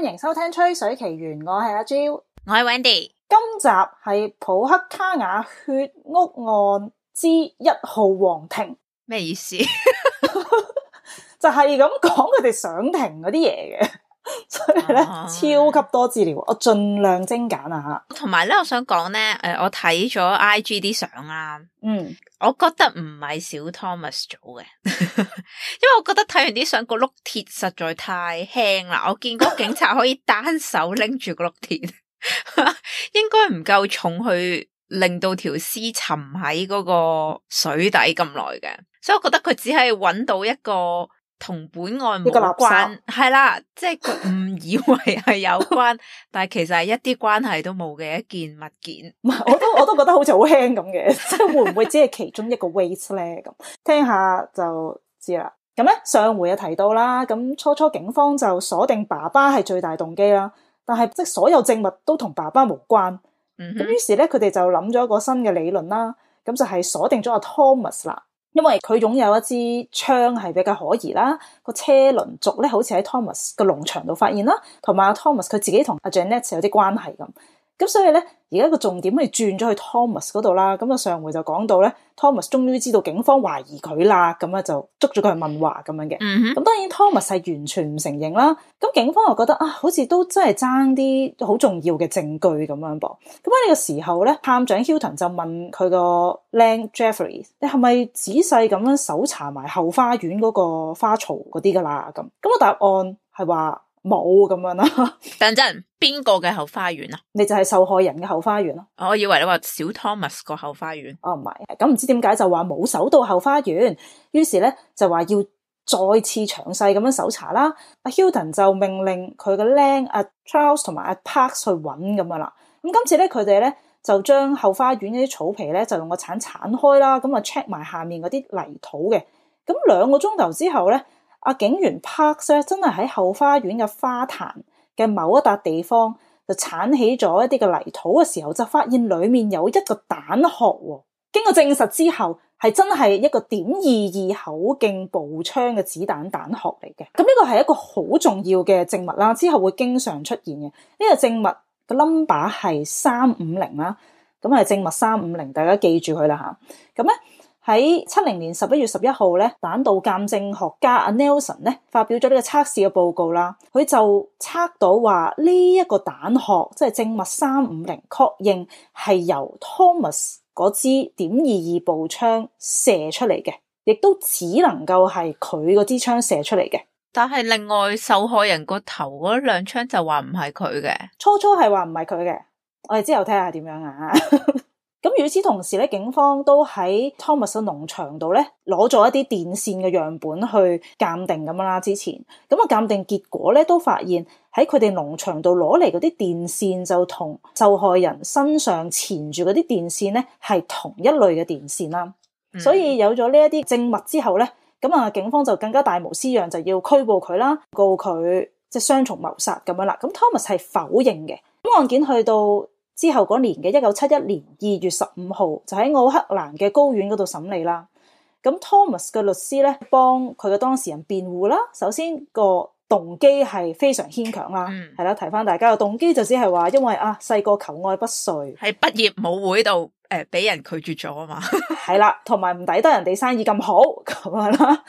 歡迎收聽《吹水奇緣》，我係阿 Jo，我係 Wendy。今集係普克卡瓦血屋案之一號皇庭，咩意思？ 就係咁講佢哋上庭嗰啲嘢嘅。超級多資料，我盡量精簡啊吓。同埋咧，我想講咧，誒，我睇咗 I G 啲相啊，嗯，我覺得唔係小 Thomas 做嘅， 因為我覺得睇完啲相個碌鐵實在太輕啦，我見個警察可以單手拎住個碌鐵， 應該唔夠重去令到條屍沉喺嗰個水底咁耐嘅，所以我覺得佢只係揾到一個。同本案立關，啊，係啦，即係誤以為係有關， 但係其實係一啲關係都冇嘅一件物件， 我都我都覺得好似好輕咁嘅， 即係會唔會只係其中一個 weight 咧？咁聽下就知啦。咁咧，上回又提到啦，咁初初警方就鎖定爸爸係最大動機啦，但係即係所有證物都同爸爸無關，咁、嗯、哼於是咧佢哋就諗咗一個新嘅理論啦，咁就係鎖定咗阿 Thomas 啦。因為佢擁有一支槍係比較可疑啦，個車輪軸咧好似喺 Thomas 個農場度發現啦，同埋阿 Thomas 佢自己同阿 Janet 有啲關係咁。咁所以咧，而家個重點轉去轉咗去 Thomas 嗰度啦。咁啊上回就講到咧，Thomas 終於知道警方懷疑佢啦，咁啊就捉咗佢去問話咁樣嘅。咁當然 Thomas 係完全唔承認啦。咁警方又覺得啊，好似都真係爭啲好重要嘅證據咁樣噃。咁喺呢個時候咧，探長 Hilton 就問佢個僆 Jeffrey，你係咪仔細咁樣搜查埋後花園嗰個花槽嗰啲噶啦？咁咁個答案係話。冇咁樣啦、啊，等陣，邊個嘅後花園啊？你就係受害人嘅後花園咯、啊。我以為你話小 Thomas 個後花園。哦，唔係，咁唔知點解就話冇搜到後花園，於是咧就話要再次詳細咁樣搜查啦。阿 Hilton 就命令佢嘅僆阿 Charles 同埋阿 Park 去搵咁樣啦、啊。咁今次咧，佢哋咧就將後花園啲草皮咧就用個鏟鏟，鏟開啦，咁啊 check 埋下面嗰啲泥土嘅。咁兩個鐘頭之後咧。阿警員 Parks 真係喺後花園嘅花壇嘅某一笪地方，就鏟起咗一啲嘅泥土嘅時候，就發現裏面有一個彈殼喎。經過證實之後，係真係一個點二二口徑步槍嘅子彈彈殼嚟嘅。咁呢個係一個好重要嘅證物啦，之後會經常出現嘅。呢個證物嘅 number 係三五零啦，咁係證物三五零，大家記住佢啦吓。咁咧。喺七零年十一月十一號咧，彈道鑑證學家阿 Nelson 咧發表咗呢個測試嘅報告啦，佢就測到話呢一個彈殼即係證物三五零確認係由 Thomas 嗰支點二二步槍射出嚟嘅，亦都只能夠係佢嗰支槍射出嚟嘅。但係另外受害人個頭嗰兩槍就話唔係佢嘅，初初係話唔係佢嘅，我哋之後睇下點樣啊。 咁與此同時咧，警方都喺 Thomas 嘅農場度咧，攞咗一啲電線嘅樣本去鑒定咁樣啦。之前咁啊，鑒定結果咧都發現喺佢哋農場度攞嚟嗰啲電線就同受害人身上纏住嗰啲電線咧係同一類嘅電線啦。嗯、所以有咗呢一啲證物之後咧，咁啊，警方就更加大模斯樣，就要拘捕佢啦，告佢即係雙重謀殺咁樣啦。咁 Thomas 係否認嘅。咁案件去到。之後嗰年嘅一九七一年二月十五號，就喺奧克蘭嘅高院嗰度審理啦。咁 Thomas 嘅律師咧，幫佢嘅當事人辯護啦。首先個動機係非常牽強啦，係啦、嗯，提翻大家個動機就只係話，因為啊細個求愛不遂，係畢業舞會度誒俾人拒絕咗啊嘛，係 啦，同埋唔抵得人哋生意咁好咁啊啦。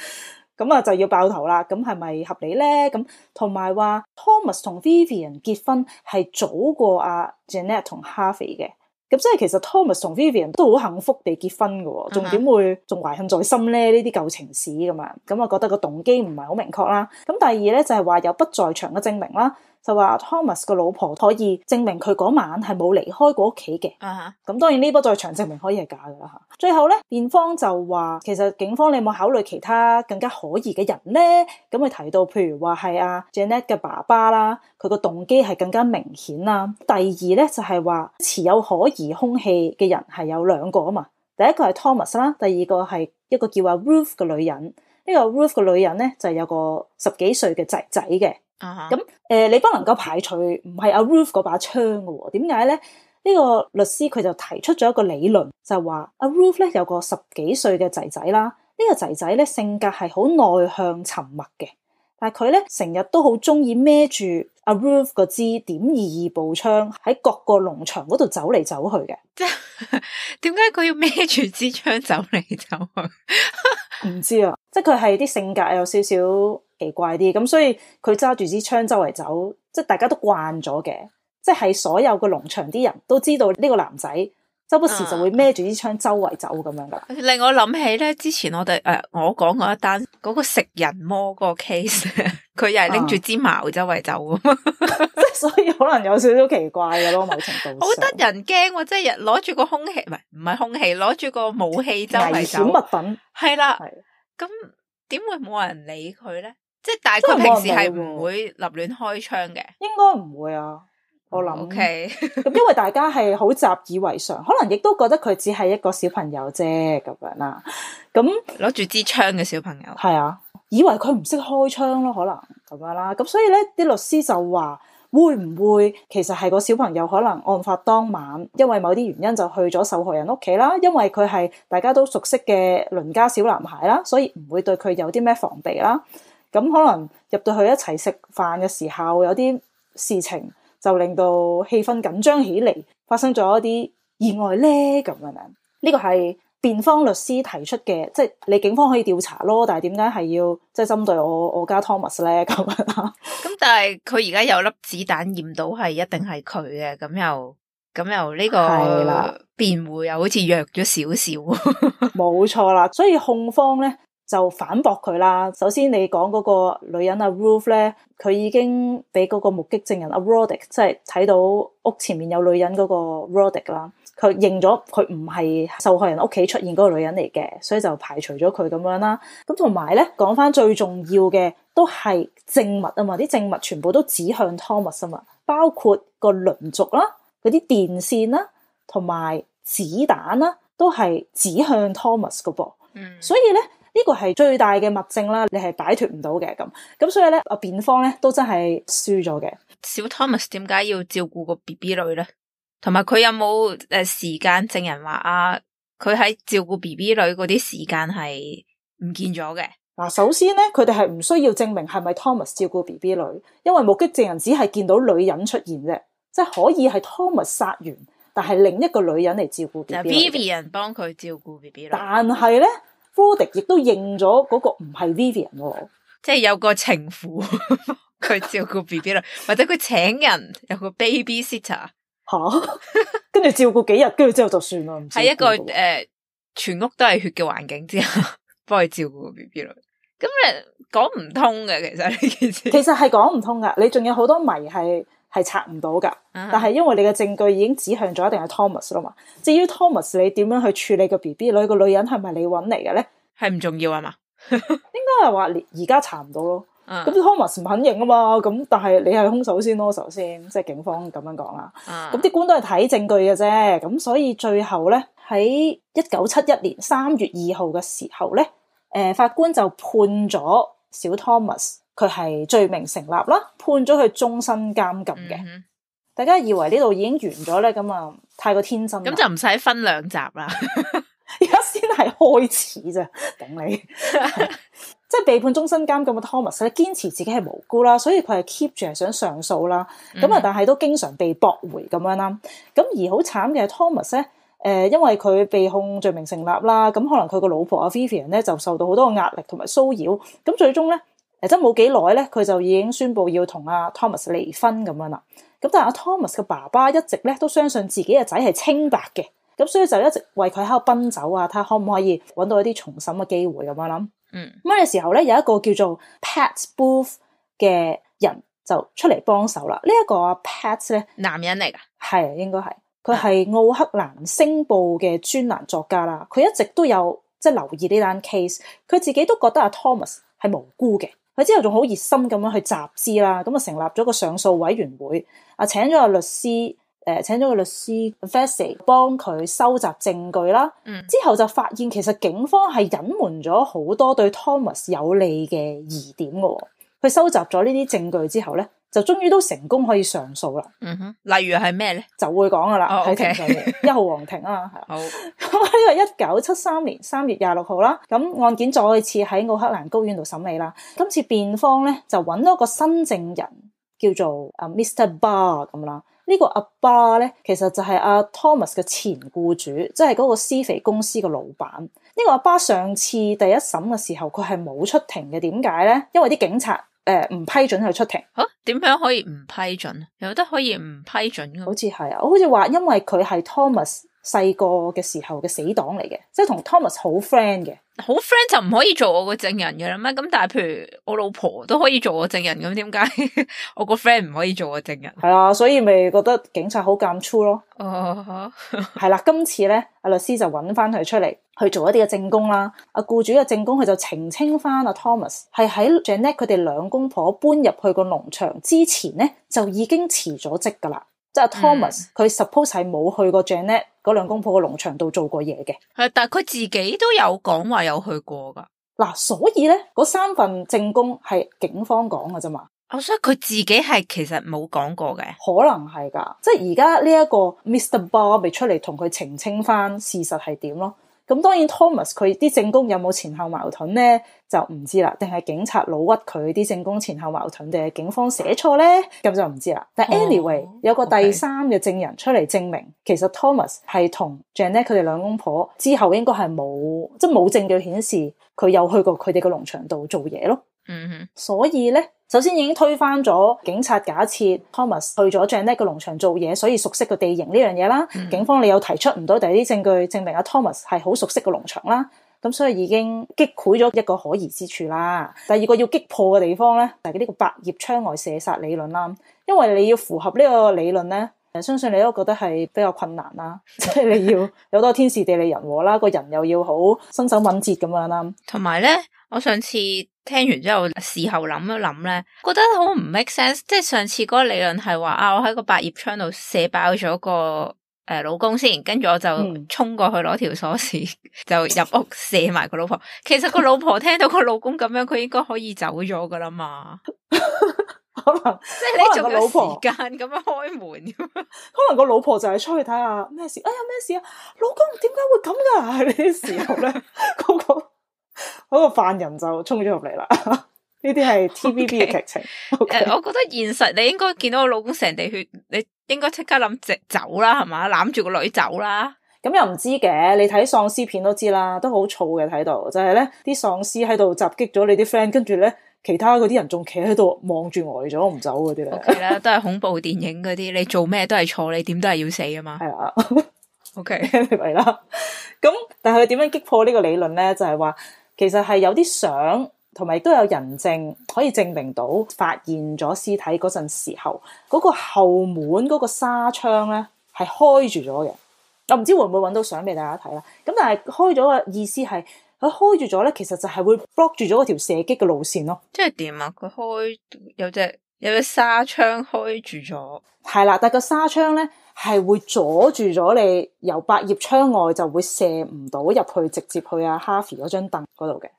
咁啊就要爆頭啦！咁係咪合理咧？咁同埋話 Thomas 同 Vivian 結婚係早過阿 Janet 同 Harvey 嘅，咁即係其實 Thomas 同 Vivian 都好幸福地結婚嘅，仲點會仲懷恨在心咧？呢啲舊情史咁嘛。咁我覺得個動機唔係好明確啦。咁第二咧就係話有不在場嘅證明啦。就話 Thomas 個老婆可以證明佢嗰晚係冇離開過屋企嘅。咁、uh huh. 當然呢波在場證明可以係假噶啦吓。最後咧，辯方就話其實警方你有冇考慮其他更加可疑嘅人咧？咁佢提到譬如話係阿 Janet 嘅爸爸啦，佢個動機係更加明顯啦。第二咧就係、是、話持有可疑兇器嘅人係有兩個啊嘛。第一個係 Thomas 啦，第二個係一個叫阿 Ruth 嘅女人。呢、這個 Ruth 嘅女人咧就係、是、有個十幾歲嘅仔仔嘅。啊，咁誒，你不能夠排除唔係阿 Roof 嗰把槍嘅喎？點解咧？呢、這個律師佢就提出咗一個理論，就話阿 Roof 咧有個十幾歲嘅仔仔啦。這個、呢個仔仔咧性格係好內向、沉默嘅，但係佢咧成日都好中意孭住阿 Roof 個支點二二步槍喺各個農場嗰度走嚟走去嘅。即係點解佢要孭住支槍走嚟走去？唔 知啊，即係佢係啲性格有少少。奇怪啲咁、嗯，所以佢揸住支槍周圍走，即係大家都慣咗嘅，即係所有個農場啲人都知道呢個男仔，周不時就會孭住支槍周圍走咁樣噶。令我諗起咧，之前我哋誒，我講過一單嗰個食人魔個 case，佢又係拎住支矛周圍走咁，即係所以可能有少少奇怪嘅咯，某程度好得人驚，即係攞住個空氣唔係唔係空氣，攞住個武器周圍走小物品係啦，咁點了的會冇人理佢咧？即係大家平時係唔會立亂開槍嘅，應該唔會啊。我諗，Okay. 咁因為大家係好習以為常，可能亦都覺得佢只係一個小朋友啫，咁樣啦。咁攞住支槍嘅小朋友，係啊，以為佢唔識開槍咯，可能咁樣啦。咁所以咧，啲律師就話會唔會其實係個小朋友，可能案發當晚因為某啲原因就去咗受害人屋企啦，因為佢係大家都熟悉嘅鄰家小男孩啦，所以唔會對佢有啲咩防備啦。咁可能入到去一齊食飯嘅時候，有啲事情就令到氣氛緊張起嚟，發生咗一啲意外咧咁樣樣。呢個係辯方律師提出嘅，即係你警方可以調查咯，但係點解係要即係針對我我家 Thomas 咧咁咁 但係佢而家有粒子彈驗到係一定係佢嘅，咁又咁又呢個辯護又好似弱咗少少。冇錯啦，所以控方咧。就反駁佢啦。首先，你講嗰個女人阿 Ruth 咧，佢已經俾嗰個目擊證人阿 Rodic，即係睇到屋前面有女人嗰個 Rodic 啦，佢認咗佢唔係受害人屋企出現嗰個女人嚟嘅，所以就排除咗佢咁樣啦。咁同埋咧，講返最重要嘅都係證物啊嘛，啲證物全部都指向 Thomas 啊嘛，包括個輪軸啦、嗰啲電線啦、同埋子彈啦，都係指向 Thomas 嘅噃。嗯，所以咧。呢個係最大嘅物證啦，你係擺脱唔到嘅咁，咁所以咧，啊辯方咧都真係輸咗嘅。小 Thomas 點解要照顧個 B B 女咧？同埋佢有冇誒時間證人話啊？佢喺照顧 B B 女嗰啲時間係唔見咗嘅。嗱，首先咧，佢哋係唔需要證明係咪 Thomas 照顧 B B 女，因為目擊證人只係見到女人出現啫，即係可以係 Thomas 殺完，但係另一個女人嚟照顧 B B 女，人幫佢照顧 B B 女，但係咧。亦都認咗嗰個唔係 Vivian 即係有個情婦佢 照顧 B B 女，或者佢請人有個 baby sitter 嚇，跟住 照顧幾日，跟住之後就算啦。喺一個誒、嗯呃、全屋都係血嘅環境之下， 幫佢照顧個 B B 女，咁誒講唔通嘅其實呢件事，其實係講唔通噶，你仲有好多謎係。係查唔到噶，但係因為你嘅證據已經指向咗，一定係 Thomas 啦嘛。至於 Thomas，你點樣去處理個 B B 女個女人係咪你搵嚟嘅咧？係唔重要啊、 uh huh. 嘛？應該係話你而家查唔到咯。咁 Thomas 唔肯認啊嘛。咁但係你係兇手先咯，首先即係警方咁樣講啦。咁啲、uh huh. 官都係睇證據嘅啫。咁所以最後咧，喺一九七一年三月二號嘅時候咧，誒、呃、法官就判咗小 Thomas。佢係罪名成立啦，判咗佢終身監禁嘅。嗯、哼大家以為呢度已經完咗咧，咁啊太過天真。咁就唔使分兩集啦，而家先係開始啫。頂你， 即係被判終身監禁嘅 Thomas 咧，堅持自己係無辜啦，所以佢係 keep 住係想上訴啦。咁啊、嗯哼，但係都經常被駁回咁樣啦。咁而好慘嘅係 Thomas 咧，誒、呃，因為佢被控罪名成立啦，咁可能佢個老婆阿 Vivian 咧就受到好多壓力同埋騷擾，咁最終咧。誒，真冇幾耐咧，佢就已經宣布要同阿、啊、Thomas 離婚咁樣啦。咁但係、啊、阿 Thomas 嘅爸爸一直咧都相信自己嘅仔係清白嘅，咁所以就一直為佢喺度奔走啊，睇下可唔可以揾到一啲重審嘅機會咁樣諗。咁嘅、嗯、時候咧，有一個叫做 Pat Booth 嘅人就出嚟幫手啦。這個啊、呢一個阿 Pat 咧，男人嚟噶，係應該係佢係奧克蘭星報嘅專欄作家啦。佢一直都有即係留意呢單 case，佢自己都覺得阿、啊、Thomas 係無辜嘅。佢之後仲好熱心咁樣去集資啦，咁啊成立咗個上訴委員會，啊請咗個律師，誒、呃、請咗個律師 Vesey 幫佢收集證據啦。之後就發現其實警方係隱瞞咗好多對 Thomas 有利嘅疑點㗎，佢收集咗呢啲證據之後咧。就終於都成功可以上訴啦。嗯哼，例如係咩咧？就會講噶啦，喺庭上一號皇庭啦。好，呢個一九七三年三月廿六號啦。咁案件再次喺奧克蘭高院度審理啦。今次辯方咧就揾到個新證人，叫做阿 Mr. Bar 咁啦。呢、這個阿巴咧，其實就係阿、啊、Thomas 嘅前僱主，即係嗰個施肥公司嘅老闆。呢、這個阿巴上次第一審嘅時候，佢係冇出庭嘅。點解咧？因為啲警察。誒，唔、呃、批准佢出庭？吓、啊，點樣可以唔批准？有得可以唔批准嘅？好似係啊，我好似話，因為佢係 Thomas。細個嘅時候嘅死黨嚟嘅，即係同 Thomas 好 friend 嘅，好 friend 就唔可以做我個證人嘅啦咩？咁但係譬如我老婆都可以做我證人，咁點解我個 friend 唔可以做我證人？係啊，所以咪覺得警察好奸粗咯。哦，係啦，今次咧，阿律師就揾翻佢出嚟去做一啲嘅證供啦。阿雇主嘅證供，佢就澄清翻阿 Thomas 係喺 Janet 佢哋兩公婆搬入去個農場之前咧就已經辭咗職噶啦。即係 Thomas，佢、嗯、suppose 係冇去過 Janet 嗰兩公婆個農場度做過嘢嘅。係，但係佢自己都有講話有去過噶。嗱，所以咧，嗰三份證供係警方講嘅啫嘛。我想佢自己係其實冇講過嘅，可能係噶。即係而家呢一個 Mr. Bob 未出嚟同佢澄清翻事實係點咯。咁當然 Thomas 佢啲證供有冇前後矛盾咧，就唔知啦。定係警察老屈佢啲證供前後矛盾，定係警方寫錯咧，咁就唔知啦。但 anyway，oh, okay. 有個第三嘅證人出嚟證明，其實 Thomas 係同 Janet 佢哋兩公婆之後應該係冇，即係冇證據顯示佢有去過佢哋個農場度做嘢咯。嗯，所以咧，首先已經推翻咗警察假設 Thomas 去咗 Jennett 個農場做嘢，所以熟悉個地形呢樣嘢啦。 警方你又提出唔到第二啲證據證明阿 Thomas 係好熟悉個農場啦，咁所以已經擊潰咗一個可疑之處啦。第二個要擊破嘅地方咧，就係、是、呢個百葉窗外射殺理論啦，因為你要符合呢個理論咧。誒，相信你都覺得係比較困難啦，即係你要有多天時地利人和啦，個人又要好身手敏捷咁樣啦。同埋咧，我上次聽完之後事後諗一諗咧，覺得好唔 make sense。即係上次嗰個理論係話啊，我喺個百葉窗度射爆咗個誒、呃、老公先，跟住我就衝過去攞條鎖匙、嗯、 就入屋射埋個老婆。其實個老婆聽到個老公咁樣，佢應該可以走咗噶啦嘛。 即係你仲有時間咁樣開門，可能個老， 老婆就係出去睇下咩事，哎呀咩事啊，老公點解會咁噶？呢啲時候咧，嗰、嗰個個犯人就衝咗入嚟啦。呢啲係 T V B 嘅劇情。誒 Okay. Okay.、呃，我覺得現實你應該見到我老公成地血，你應該即刻諗直走啦，係嘛，攬住個女走啦、啊。咁又唔知嘅，你睇喪屍片都知啦，都好燥嘅睇到，就係呢啲喪屍喺度襲擊咗你啲 friend，跟住呢其他嗰啲人仲企喺度望住呆咗唔走嗰啲咧。O K 啦，都係恐怖電影嗰啲，你做咩都係錯，你點都係要死啊嘛。係啊，O K 咪啦。咁 Okay. 但係佢點樣擊破呢個理論呢？就係、是、話其實係有啲相同埋都有人證可以證明到發現咗屍體嗰陣時候，嗰、那個後門嗰個紗窗呢係開住咗嘅。我唔知會唔會搵到相俾大家睇啦，咁但係開咗嘅意思係佢開住咗咧，其實就係會 block 住咗嗰條射擊嘅路線咯。即係點啊？佢開有只有隻紗窗開住咗，係啦，但係個紗窗咧係會阻住咗你由百葉窗外就會射唔到入去，直接去阿哈菲嗰張凳嗰度嘅，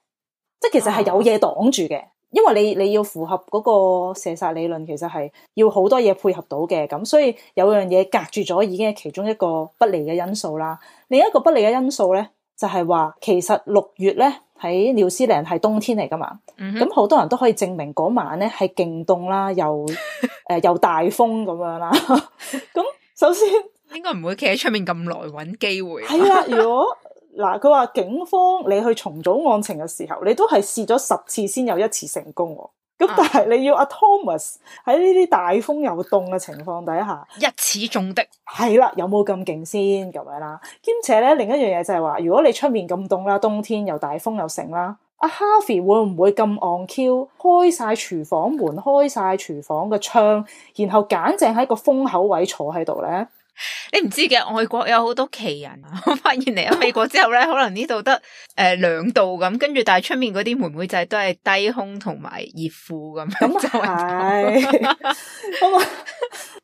即係其實係有嘢擋住嘅。啊因為你你要符合嗰個射殺理論，其實係要好多嘢配合到嘅，咁所以有樣嘢隔住咗，已經係其中一個不利嘅因素啦。另一個不利嘅因素咧，就係、是、話其實六月咧喺鳥屎嶺係冬天嚟噶嘛，咁好、嗯、哼多人都可以證明嗰晚咧係勁凍啦，又誒、 呃、又大風咁樣啦。咁 首先應該唔會企喺出面咁耐揾機會，係 啊，如果。嗱，佢話警方你去重組案情嘅時候，你都係試咗十次先有一次成功，哦，咁、啊、但係你要阿 Thomas 喺呢啲大風又凍嘅情況底下一次中的，係啦，有冇咁勁先咁樣啦？兼且咧另一樣嘢就係話，如果你出面咁凍啦，冬天又大風又盛啦，阿 Harvey 會唔會咁 on Q，開晒廚房門，開晒廚房嘅窗，然後簡正喺個風口位坐喺度咧？你唔知嘅外國有好多奇人。我發現嚟咗美國之後咧，可能呢度，呃，得誒兩度咁，跟住但係出面嗰啲妹妹仔都係低胸同埋熱褲咁咁係咁啊。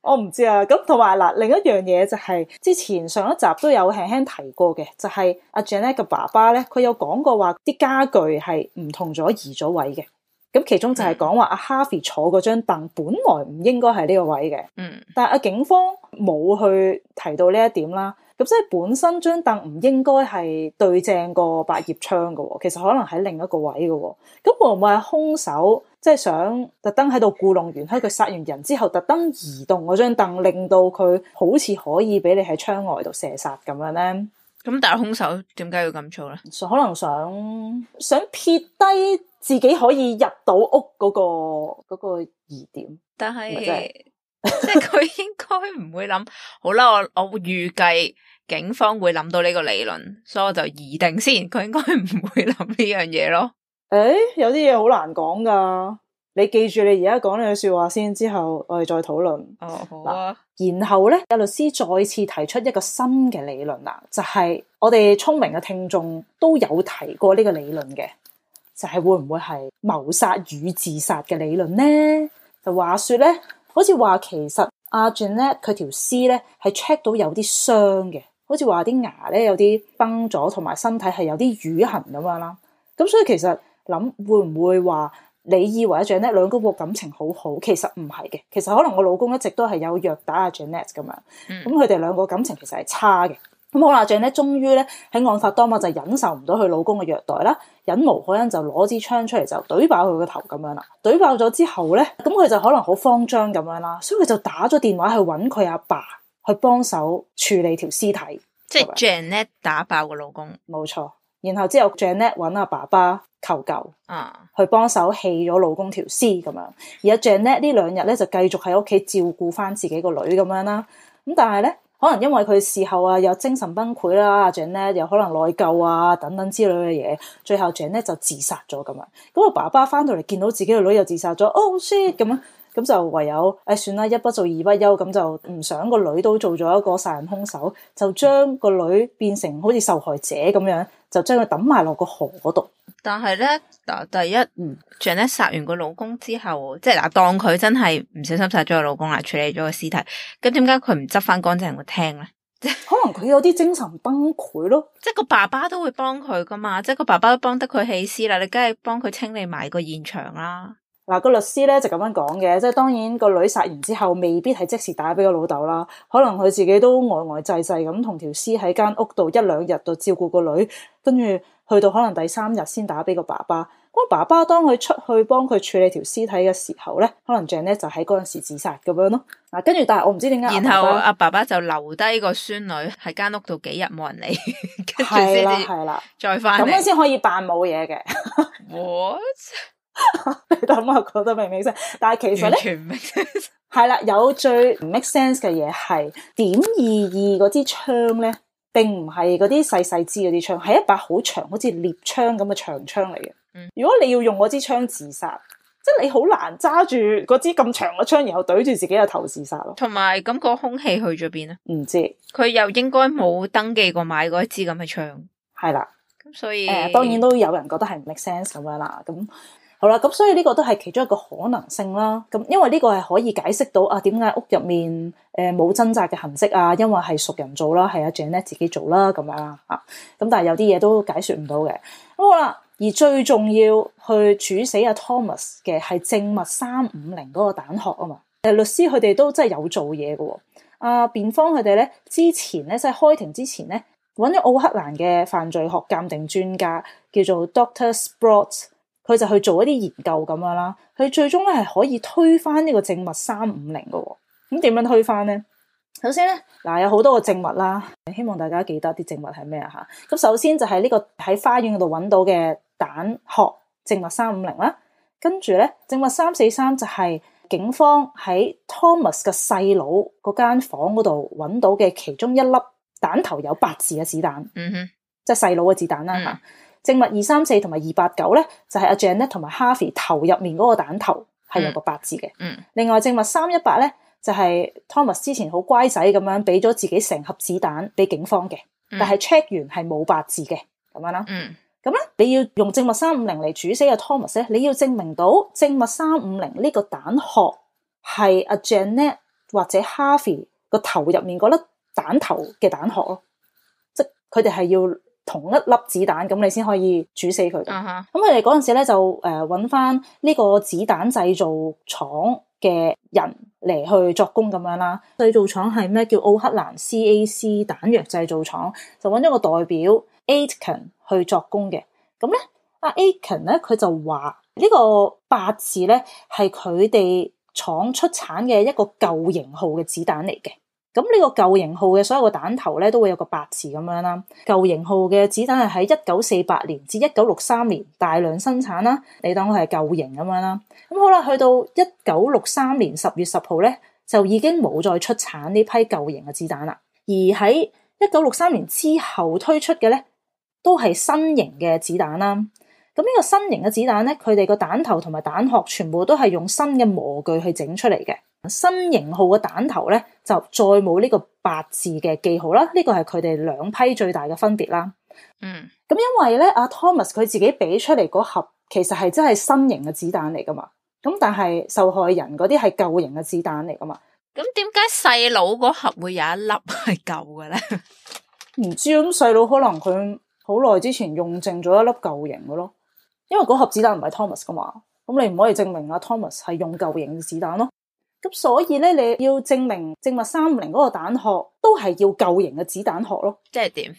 我唔知啊。咁同埋嗱，另一樣嘢就係、是、之前上一集都有輕輕提過嘅，就係、是、阿、啊、Janet 嘅爸爸咧，佢有講過話啲家具係唔同咗移咗位嘅。咁其中就係講話阿哈菲坐嗰張凳本來唔應該係呢個位嘅，嗯，但係阿警方冇去提到呢一點啦。咁即係本身張凳唔應該係對正個百葉窗噶，其實可能喺另一個位噶，哦。咁會唔會係凶手即係、就是、想特登喺度故弄玄虛，喺佢殺完人之後特登移動嗰張凳，令到佢好似可以俾你喺窗外度射殺咁樣咧？咁但係凶手點解要咁做咧？可能想想撇低自己可以入到屋嗰，嗰個，嗰個疑點，但係是即係佢應該唔會諗。 好啦，我我預計警方會諗到呢個理論，所以我就擬定先。佢應該唔會諗呢樣嘢咯。誒、欸，有啲嘢好難講㗎。你記住，你而家講呢句説話先，之後我哋再討論。嗱、哦，啊、然後咧，有律師再次提出一個新嘅理論啦，就係、是、我哋聰明嘅聽眾都有提過呢個理論嘅，就係、是、會唔會係謀殺與自殺嘅理論呢？就話説咧，好似話其實阿俊咧佢條屍咧係 check 到有啲傷嘅，好似話啲牙咧有啲崩咗，同埋身體係有啲瘀痕咁樣啦。咁所以其實諗會唔會話？你以為阿 Janet 兩公婆感情好好，其實唔係嘅。其實可能我老公一直都係有虐打阿、啊、Janet 咁樣。咁佢哋兩個感情其實係差嘅。咁好，阿 Janet 終於咧喺案發當晚就忍受唔到佢老公嘅虐待啦，忍無可忍就攞支槍出嚟就懟爆佢個頭咁樣啦。懟爆咗之後咧，咁佢就可能好慌張咁樣啦，所以佢就打咗電話去揾佢阿爸去幫手處理條屍體。即係 Janet 吧打爆個老公，冇錯。然後之後 Janet 揾阿爸爸。求救，uh. 去幫手棄咗老公條屍咁樣，而阿 Janet 呢兩日咧就繼續喺屋企照顧翻自己個女咁樣啦。咁但係咧，可能因為佢事後啊有精神崩潰啦，阿 Janet 又可能內疚啊等等之類嘅嘢，最後 Janet 就自殺咗咁樣。咁個爸爸翻到嚟見到自己個女又自殺咗，mm hmm. 哦 shit 咁啊！咁就唯有，誒、哎，算啦，一不做二不休。咁就唔想個女都做咗一個殺人凶手，就將個女變成好似受害者咁樣，就將佢抌埋落個河度。但係咧，第一，嗯，仲有咧，殺完個老公之後，即係嗱，當佢真係唔小心殺咗個老公啦，處理咗個屍體，咁點解佢唔執翻乾淨個廳咧？ 可能佢有啲精神崩潰咯。即係個爸爸都會幫佢㗎嘛，即係個爸爸都幫得佢起屍啦，你梗係幫佢清理埋個現場啦。嗱、啊那個律師咧就咁樣講嘅，即係當然個女殺完之後未必係即時打俾個老豆啦，可能佢自己都呆呆滯滯咁同條屍喺間屋度一兩日度照顧個女，跟住去到可能第三日先打俾個爸爸。個爸爸當佢出去幫佢處理條屍體嘅時候咧，可能 Janet 咧就喺嗰陣時自殺咁樣咯。嗱、啊，跟住但係我唔知點解、啊，然後阿爸爸就留低個孫女喺間屋度幾日冇人嚟，跟住係啦係啦，啊啊、再翻咁樣先可以扮冇嘢嘅。 What？ 你諗下覺得明明聲，但係其實咧，係啦， 有最唔 make sense 嘅嘢係點二二嗰支槍咧，並唔係嗰啲細細支嗰啲槍，係一把好長，好似獵槍咁嘅長槍嚟嘅。嗯、如果你要用嗰支槍自殺，即係你好難揸住嗰支咁長嘅槍，然後懟住自己嘅頭自殺咯。同埋咁個空氣去咗邊啊？唔知佢又應該冇登記過買嗰一支咁嘅槍，係啦了。咁所以誒、呃，當然都有人覺得係唔 make sense 咁樣啦。咁好啦，咁所以呢個都係其中一個可能性啦。咁因為呢個係可以解釋到啊，點解屋入面誒冇、呃、掙扎嘅痕跡啊？因為係熟人做啦，係阿、啊、Janet 自己做啦，咁樣啊。咁、啊、但係有啲嘢都解說唔到嘅。好啦，而最重要去處死阿、啊、Thomas 嘅係證物三五零嗰個彈殼啊嘛。誒，律師佢哋都真係有做嘢嘅、哦。阿、啊、辯方佢哋咧之前咧，即係開庭之前咧，揾咗奧克蘭嘅犯罪學鑑定專家叫做 Doctor Sprott。佢就去做一啲研究咁樣啦，佢最終咧係可以推翻呢個證物三五零嘅。咁、嗯、點樣推翻咧？首先咧，嗱有好多個證物啦，希望大家記得啲證物係咩啊吓。咁、啊、首先就係呢、這個喺花園嗰度揾到嘅彈殼證物三五零啦，跟住咧證物三四三就係警方喺 Thomas 嘅細佬嗰間房嗰度揾到嘅其中一粒彈頭有八字嘅子彈，嗯哼，即係細佬嘅子彈啦吓。啊嗯證物二三四同埋二八九咧，就係、是、阿 Janet 同埋 Harvey 頭入面嗰個彈頭係有個八字嘅。嗯。Mm. Mm. 另外證物三一八咧，就係、是、Thomas 之前好乖仔咁樣俾咗自己成盒子彈俾警方嘅，mm. 但係 check 完係冇八字嘅，咁樣啦。嗯。咁咧，你要用證物三五零嚟煮死阿 Thomas 咧，你要證明到證物三五零呢個彈殼係阿 Janet 或者 Harvey 個頭入面嗰粒彈頭嘅彈殼咯，即佢哋係要。同一粒子彈咁，你先可以煮死佢。咁佢哋嗰陣時咧，就誒揾翻呢個子彈製造廠嘅人嚟去作工咁樣啦。製造廠係咩？叫奧克蘭 CAC 彈藥製造廠，就揾咗個代表 Aitken 去作工嘅。咁咧，阿 Aitken 咧，佢就話呢個八字咧，係佢哋廠出產嘅一個舊型號嘅子彈嚟嘅。咁呢個舊型號嘅所有個彈頭咧，都會有個白字咁樣啦。舊型號嘅子彈係喺一九四八年至一九六三年大量生產啦，你當佢係舊型咁樣啦。咁好啦，去到一九六三年十月十號咧，就已經冇再出產呢批舊型嘅子彈啦。而喺一九六三年之後推出嘅咧，都係新型嘅子彈啦。咁呢個新型嘅子彈咧，佢哋個彈頭同埋彈殼全部都係用新嘅模具去整出嚟嘅。新型號嘅彈頭咧，就再冇呢個八字嘅記號啦。呢個係佢哋兩批最大嘅分別啦。嗯。咁因為咧，阿、啊、Thomas 佢自己俾出嚟嗰盒，其實係真係新型嘅子彈嚟噶嘛。咁但係受害人嗰啲係舊型嘅子彈嚟噶嘛。咁點解細佬嗰盒會有一粒係舊嘅咧？唔 知。咁細佬可能佢好耐之前用剩咗一粒舊型嘅咯。因為嗰盒子彈唔係 Thomas 噶嘛，咁你唔可以證明阿 Thomas 係用舊型嘅子彈咯。咁所以咧，你要證明證物三五零嗰個彈殼都係要舊型嘅子彈殼咯。即係點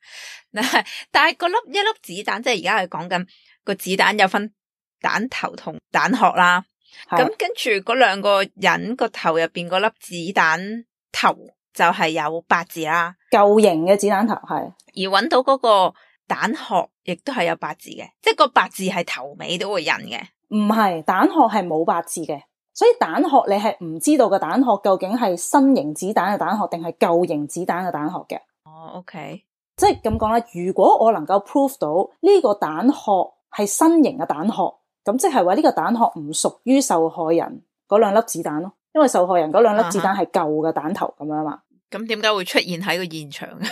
但係個粒一粒子彈，即係而家係講緊個子彈有分彈頭同彈殼啦。咁跟住嗰兩個人個頭入邊嗰粒子彈頭就係有八字啦。舊型嘅子彈頭係。而揾到嗰個。蛋殼亦都係有八字嘅，即係個八字係頭尾都會印嘅。唔係蛋殼係冇八字嘅，所以蛋殼你係唔知道個蛋殼究竟係新型子彈嘅蛋殼定係舊型子彈嘅蛋殼嘅。哦、oh，OK，即係咁講啦。如果我能夠 prove 到呢個蛋殼係新型嘅蛋殼，咁即係話呢個蛋殼唔屬於受害人嗰兩粒子彈咯，因為受害人嗰兩粒子彈係舊嘅彈頭咁、uh huh. 樣嘛。咁點解會出現喺個現場？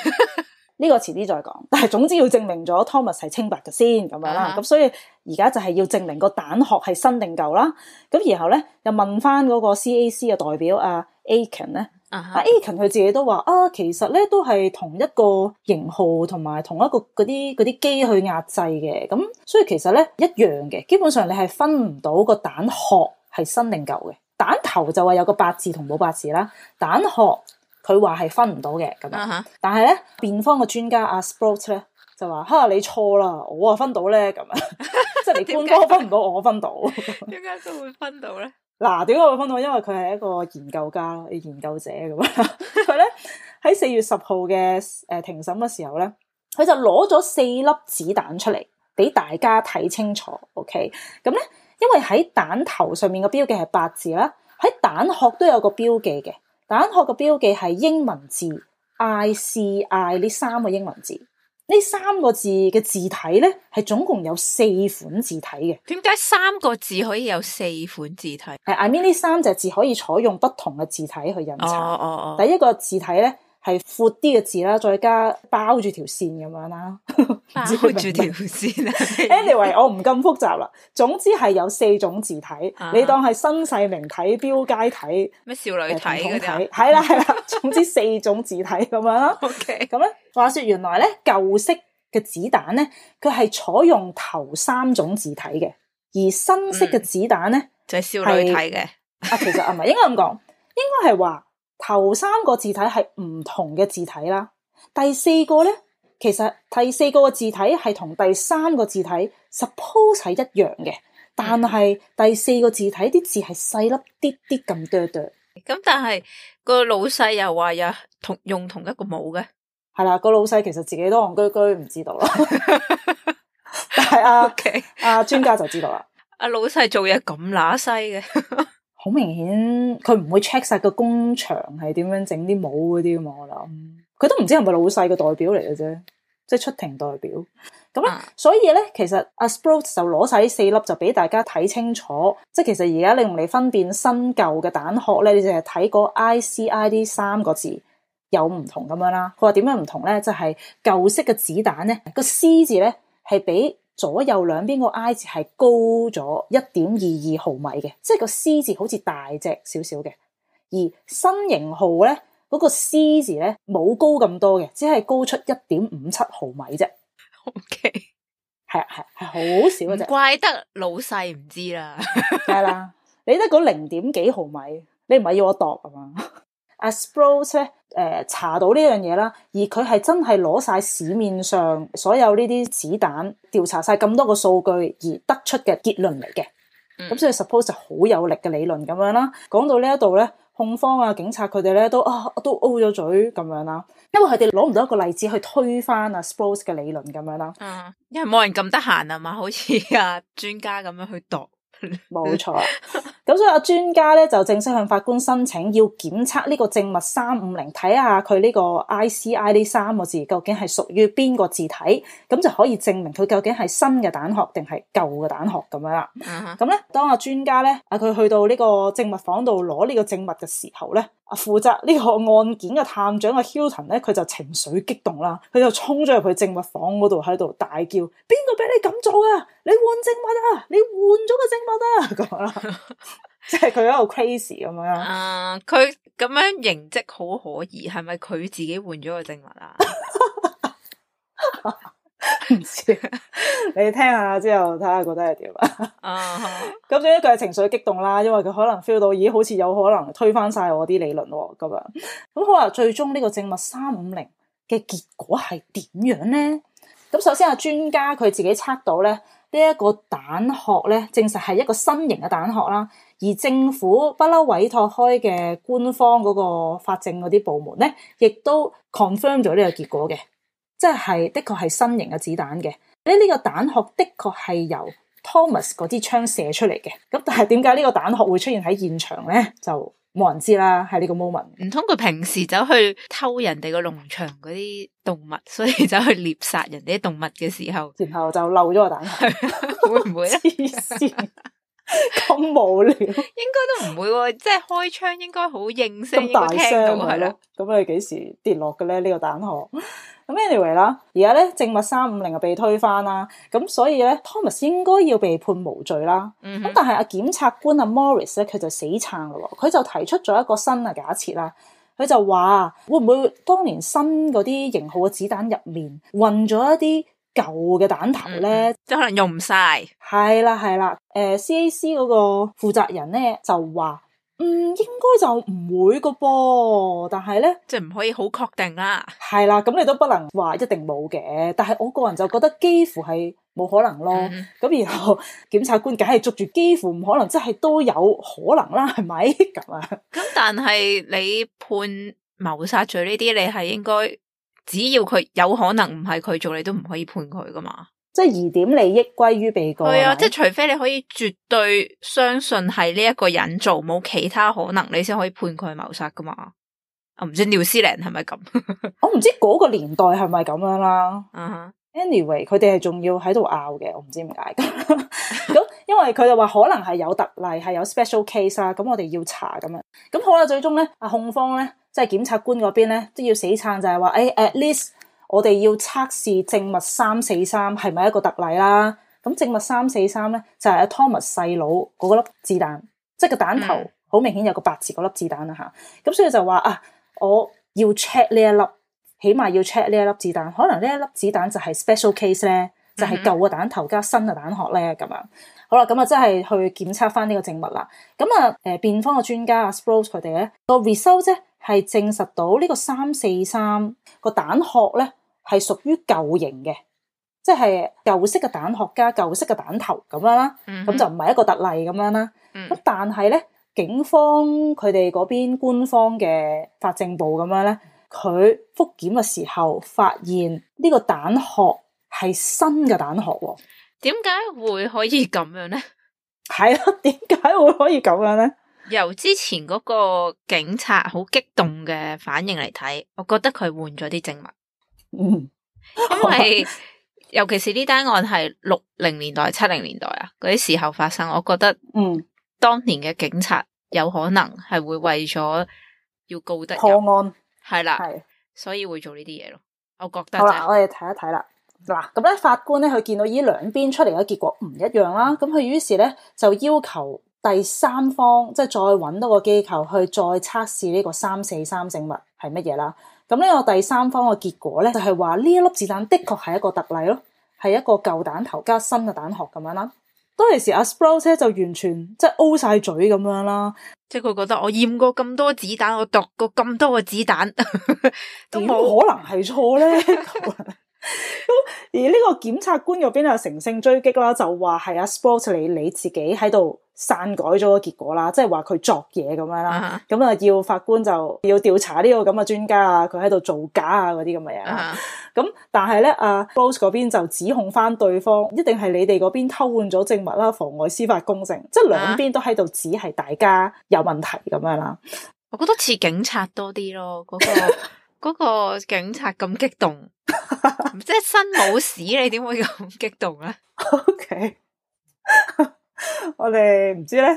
呢個遲啲再講，但係總之要證明咗 Thomas 係清白嘅先咁樣啦。咁、uh huh. 所以而家就係要證明個蛋殼係新定舊啦。咁然後咧又問翻嗰個 CAC 嘅代表阿 Akin 咧，啊 Akin 佢自己都話啊，其實咧都係同一個型號同埋同一個嗰啲啲機去壓制嘅。咁所以其實咧一樣嘅，基本上你係分唔到個蛋殼係新定舊嘅。蛋頭就話有個八字同冇八字啦，蛋殼。佢話係分唔到嘅咁樣，但係咧辯方嘅專家阿 Sprott 咧就話：嚇，你錯啦，我啊分到咧咁啊，即係你官方分唔到，我分到。點解都會分到咧？嗱，點解會分到？因為佢係一個研究家，研究者咁啊。佢咧喺四月十號嘅誒庭審嘅時候咧，佢就攞咗四粒子彈出嚟俾大家睇清楚。OK，咁咧，因為喺彈頭上面嘅標記係八字啦，喺彈殼都有個標記嘅。蛋殼嘅標記係英文字、I C I 呢三個英文字，呢三個字嘅字體咧係總共有四款字體嘅。點解三個字可以有四款字體？係 I mean 呢三隻字可以採用不同嘅字體去印刷。哦哦哦，第一個字體咧，係闊啲嘅字啦，再加包住條線咁樣啦，包住條線、啊。Anyway，我唔咁複雜啦，總之係有四種字體，啊、你當係新細明體、標楷體、咩少女體、傳統體，係啦係啦，總之四種字體咁樣啦。咁咧 Okay.，話說原來咧舊式嘅子彈咧，佢係採用頭三種字體嘅，而新式嘅子彈咧就係少女體嘅。啊，其實唔係，應該咁講，應該係話。頭三個字體係唔同嘅字體啦，第四個咧，其實第四個字體係同第三個字體 suppose 係一樣嘅，但係第四個字體啲字係細粒啲啲咁哆哆。咁但係、個老細又話啊，同用同一個帽嘅，係啦，個老細其實自己都戇居居唔知道 但係啊，阿專 Okay.、啊、家就知道啦，阿、啊、老細做嘢咁乸西嘅。 好明顯，佢唔會 check 曬個工場係點樣整啲帽嗰啲啊，我諗佢、嗯、都唔知係咪老細個代表嚟嘅啫，即係出庭代表咁咧、嗯。所以咧，其實阿 Sprout 就攞晒呢四粒就俾大家睇清楚。即係其實而家你用嚟分辨新舊嘅彈殼咧，你就係睇個 ICID 三個字有唔同咁樣啦。佢話點樣唔同咧？就係、是、舊式嘅子彈咧，個 C 字咧係比左右兩邊個 I 字係高咗一點二二毫米嘅，即係個 C 字好似大隻少少嘅。而新型號咧，嗰、嗰個 C 字咧冇高咁多嘅，只係高出一點五七毫米啫。O K，係啊係係好少嘅啫，啊、怪得老細唔知啦。係 啦、 啊，你得嗰零點幾毫米，你唔係要我度㗎嘛？Aspros 咧，誒查到呢樣嘢啦，而佢係真係攞晒市面上所有呢啲子彈，調查晒咁多個數據而得出嘅結論嚟嘅。咁、嗯、所以 Suppose 就好有力嘅理論咁樣啦。講到呢一度咧，控方啊、警察，佢哋咧都啊都 O 咗嘴咁樣啦，因為佢哋攞唔到一個例子去推翻啊 Aspros 嘅理論咁樣啦。嗯，因為冇人咁得閒啊嘛，好似阿、啊、專家咁樣去度。冇 錯。 咁所以阿專家咧就正式向法官申請要檢測呢個證物三五零，睇下佢呢個 ICI 呢三個字究竟係屬於邊個字體，咁就可以證明佢究竟係新嘅蛋殼定係舊嘅蛋殼咁樣啦。咁咧、uh huh，當阿專家咧，阿佢去到呢個證物房度攞呢個證物嘅時候咧。啊！負責呢個案件嘅探長阿 Hilton 咧，佢就情緒激動啦，佢就衝咗入去證物房嗰度喺度大叫：邊個俾你咁做啊？你換證物啊！你換咗個證物啊！咁啦， 即係佢喺度 crazy 咁樣。啊！佢咁樣形跡好可疑，係咪佢自己換咗個證物啊？ 唔知， 你聽下之後睇下覺得係點啊？咁所以佢係情緒激動啦，因為佢可能 feel 到，咦，好似有可能推翻晒我啲理論咁樣。咁話 最終呢個證物三五零嘅結果係點樣呢？咁首先啊，專家佢自己測到咧，呢、這、一個彈殼咧證實係一個新型嘅彈殼啦。而政府不嬲委託開嘅官方嗰個法證嗰啲部門咧，亦都 confirm 咗呢個結果嘅。即係的確係新型嘅子彈嘅，呢、這、呢個彈殼的確係由 Thomas 嗰支槍射出嚟嘅。咁但係點解呢個彈殼會出現喺現場呢？就冇人知啦。喺呢個 moment，唔通佢平時走去偷人哋嘅農場嗰啲動物，所以走去獵殺人哋啲動物嘅時候，然後就漏咗個彈殼， 會唔會黐線咁無聊？應該都唔會，即係開槍應該好應聲咁大聲係咯。咁佢幾時跌落嘅咧？呢、這個彈殼？咁 anyway 啦，而家咧證物三五零啊被推翻啦，咁所以咧 Thomas 應該要被判無罪啦。咁、mm hmm. 但係阿檢察官阿 Morris 咧，佢就死撐咯。佢就提出咗一個新嘅假設啦，佢就話會唔會當年新嗰啲型號嘅子彈入面混咗一啲舊嘅彈頭咧？Mm hmm. 即可能用唔晒。係啦係啦，誒、呃、C A C 嗰個負責人咧就話。嗯，應該就唔會個噃，但係咧，即係唔可以好確定啦。係啦，咁你都不能話一定冇嘅，但係我個人就覺得幾乎係冇可能咯。咁、嗯、然後檢察官梗係捉住幾乎唔可能，即係都有可能啦，係咪咁啊？咁 但係你判謀殺罪呢啲，你係應該只要佢有可能唔係佢做，你都唔可以判佢㗎嘛？即係疑點利益歸於被告。係啊，即係除非你可以絕對相信係呢一個人做，冇其他可能，你先可以判佢謀殺噶嘛。我唔知律師咧係咪咁，我唔知嗰個年代係咪咁樣啦。Anyway，佢哋係仲要喺度拗嘅，我唔知點解咁。咁因為佢就話可能係有特例，係有 special case 啊。咁我哋要查咁樣。咁好啦，最終咧，啊控方咧，即係檢察官嗰邊咧都要死撐，就係話誒，at least。我哋要測試證物三四三係咪一個特例啦？咁證物三四三咧就係、是、阿 Thomas 細佬嗰粒子彈，即係個彈頭好明顯有個白字嗰粒子彈啦吓，咁、啊、所以就話啊，我要 check 呢一粒，起碼要 check 呢一粒子彈。可能呢一粒子彈就係 special case 咧，就係、是、舊嘅彈頭加新嘅彈殼咧咁樣。Mm hmm. 好啦，咁啊真係去檢測翻呢個證物啦。咁啊誒辯方嘅專家阿、啊、Sprouse 佢哋咧個 results 咧係證實到個 3, 4, 3, 4, 3呢個三四三個彈殼咧。係屬於舊型嘅，即係舊式嘅彈殼加舊式嘅彈頭咁樣啦，咁、嗯、哼就唔係一個特例咁樣啦。咁、嗯、但係咧，警方佢哋嗰邊官方嘅法證部咁樣咧，佢復檢嘅時候發現呢個彈殼係新嘅彈殼喎。點解會可以咁樣咧？係咯，點解會可以咁樣咧？由之前嗰個警察好激動嘅反應嚟睇，我覺得佢換咗啲證物。嗯，因為 尤其是呢單案係六零年代，七零年代啊，嗰啲時候發生，我覺得嗯，當年嘅警察有可能係會為咗要告得破案，係啦了，是所以會做呢啲嘢咯。我覺得嗱了，好，我哋睇一睇啦。嗱，咁咧，法官咧，佢見到呢兩邊出嚟嘅結果唔一樣啦，咁佢於是咧就要求第三方，即係再揾多個機構去再測試呢個三四三性物係乜嘢啦。咁呢個第三方嘅結果咧，就係話呢一粒子彈的確係一個特例咯，係一個舊彈頭加新嘅彈殼咁樣啦。當時阿 Sprout 咧就完全即係 O 晒嘴咁樣啦，即係佢覺得我驗過咁多子彈，我讀過咁多個子彈，冇 可能係錯咧？ 咁 而呢個檢察官嗰邊就乘勝追擊啦，就話係阿 Sports 你你自己喺度刪改咗結果啦，即係話佢作嘢咁樣啦，咁啊、uh huh. 要法官就要調查這個這、uh huh. 呢個咁嘅專家啊，佢喺度造假啊嗰啲咁嘅嘢。咁但係咧，阿 Sport 嗰邊就指控翻對方，一定係你哋嗰邊偷換咗證物啦，妨礙司法公正。即係兩邊都喺度指係大家有問題咁樣啦。Uh huh. 我覺得似警察多啲咯，嗰、那個。 嗰個警察咁激動， 即係身冇屎，你點會咁激動咧？OK，我哋唔知咧，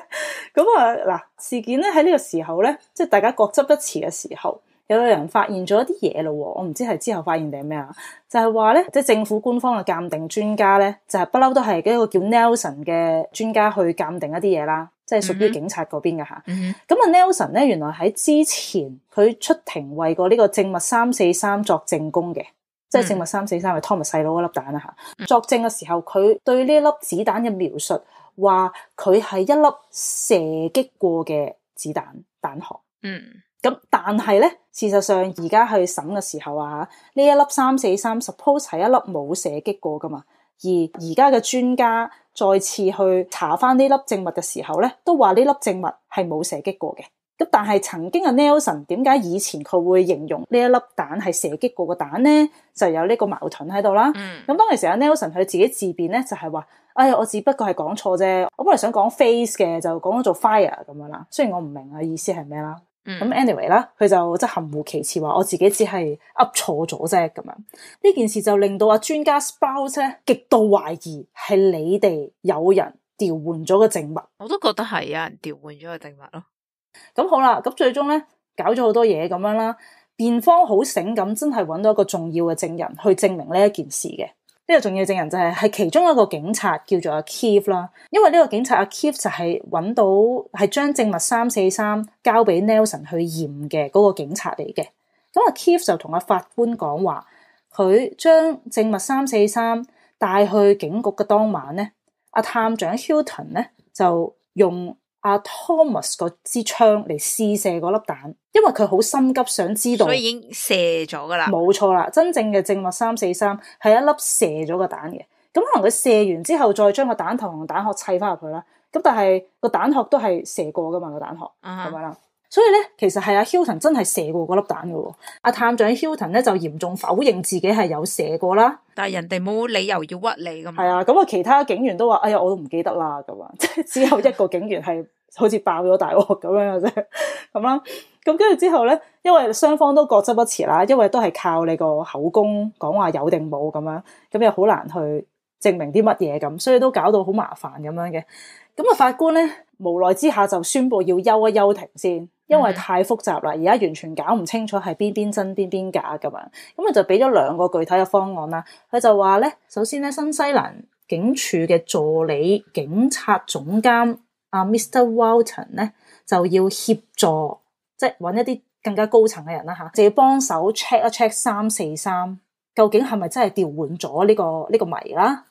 咁啊嗱，事件咧喺呢個時候咧，即係大家各執一詞嘅時候，有個人發現咗一啲嘢咯，我唔知係之後發現定係咩啊，就係話咧，即係政府官方嘅鑒定專家咧，就係不嬲都係一個叫 Nelson 嘅專家去鑒定一啲嘢啦。即係屬於警察嗰邊嘅吓。咁啊 Nelson 咧，原來喺之前佢出庭為過呢個證物三四三作證供嘅，mm hmm. 即係證物三四三係 Tommy 細佬嗰粒彈啊。吓、mm，hmm. 作證嘅時候，佢對呢一粒子彈嘅描述，話佢係一粒射擊過嘅子彈彈殼。嗯。咁、mm hmm. 但係咧，事實上而家去審嘅時候啊，呢一粒三四三 suppose 係一粒冇射擊過嘅嘛。而而家嘅專家。再次去查翻呢粒證物嘅時候咧，都話呢粒證物係冇射擊過嘅。咁但係曾經阿 Nelson 點解以前佢會形容呢一粒彈係射擊過嘅彈咧？就有呢個矛盾喺度啦。咁、嗯、當時阿 Nelson 佢自己自辯咧，就係話：哎呀，我只不過係講錯啫，我本來想講 face 嘅，就講咗做 fire 咁樣啦。雖然我唔明啊意思係咩啦。咁 anyway 啦，佢就即係含糊其辭話，我自己只係噏錯咗啫咁樣。呢件事就令到阿專家 spouse 咧極度懷疑係你哋有人調換咗個證物。我都覺得係有人調換咗個證物咯。咁 好啦，咁最終咧搞咗好多嘢咁樣啦，辯方好醒咁，真係揾到一個重要嘅證人去證明呢一件事嘅。呢個重要證人就係、是、係其中一個警察叫做阿 Keith 啦，fe, 因為呢個警察阿 Keith 就係揾到係將證物三四三交俾 Nelson 去驗嘅嗰個警察嚟嘅，咁阿 Keith 就同阿法官講話，佢將證物三四三帶去警局嘅當晚呢，阿探長 Hilton 呢就用。阿 Thomas 個支槍嚟試射嗰粒彈，因為佢好心急，想知道，佢已經射咗噶啦。冇錯啦，真正嘅證物三四三係一粒射咗個彈嘅，咁可能佢射完之後再將個彈頭同彈殼砌翻入去啦。咁但係個彈殼都係射過噶嘛，個彈殼係咪啦？Uh huh. 所以咧，其實係阿 Hilton 真係射過嗰粒彈嘅喎。阿探長 Hilton 咧就嚴重否認自己係有射過啦。但係人哋冇理由要屈你㗎嘛。係啊，咁啊，其他警員都話：哎呀，我都唔記得啦。咁啊，即係只有一個警員係好似爆咗大鑊咁樣嘅啫。咁啦，咁跟住之後咧，因為雙方都各執不辭啦，因為都係靠你個口供講話有定冇咁樣，咁又好難去證明啲乜嘢咁，所以都搞到好麻煩咁樣嘅。咁啊，法官咧無奈之下就宣布要休一休庭先。因為太複雜啦，而家完全搞唔清楚係邊邊真邊邊假咁樣，咁佢就俾咗兩個具體嘅方案啦。佢就話咧，首先咧，新西蘭警署嘅助理警察總監阿 Mr. Walton 咧，就要協助即係揾一啲更加高層嘅人啦，吓，就要幫手 check 一 check 三四三究竟係咪真係調換咗呢個呢、呢個迷啦。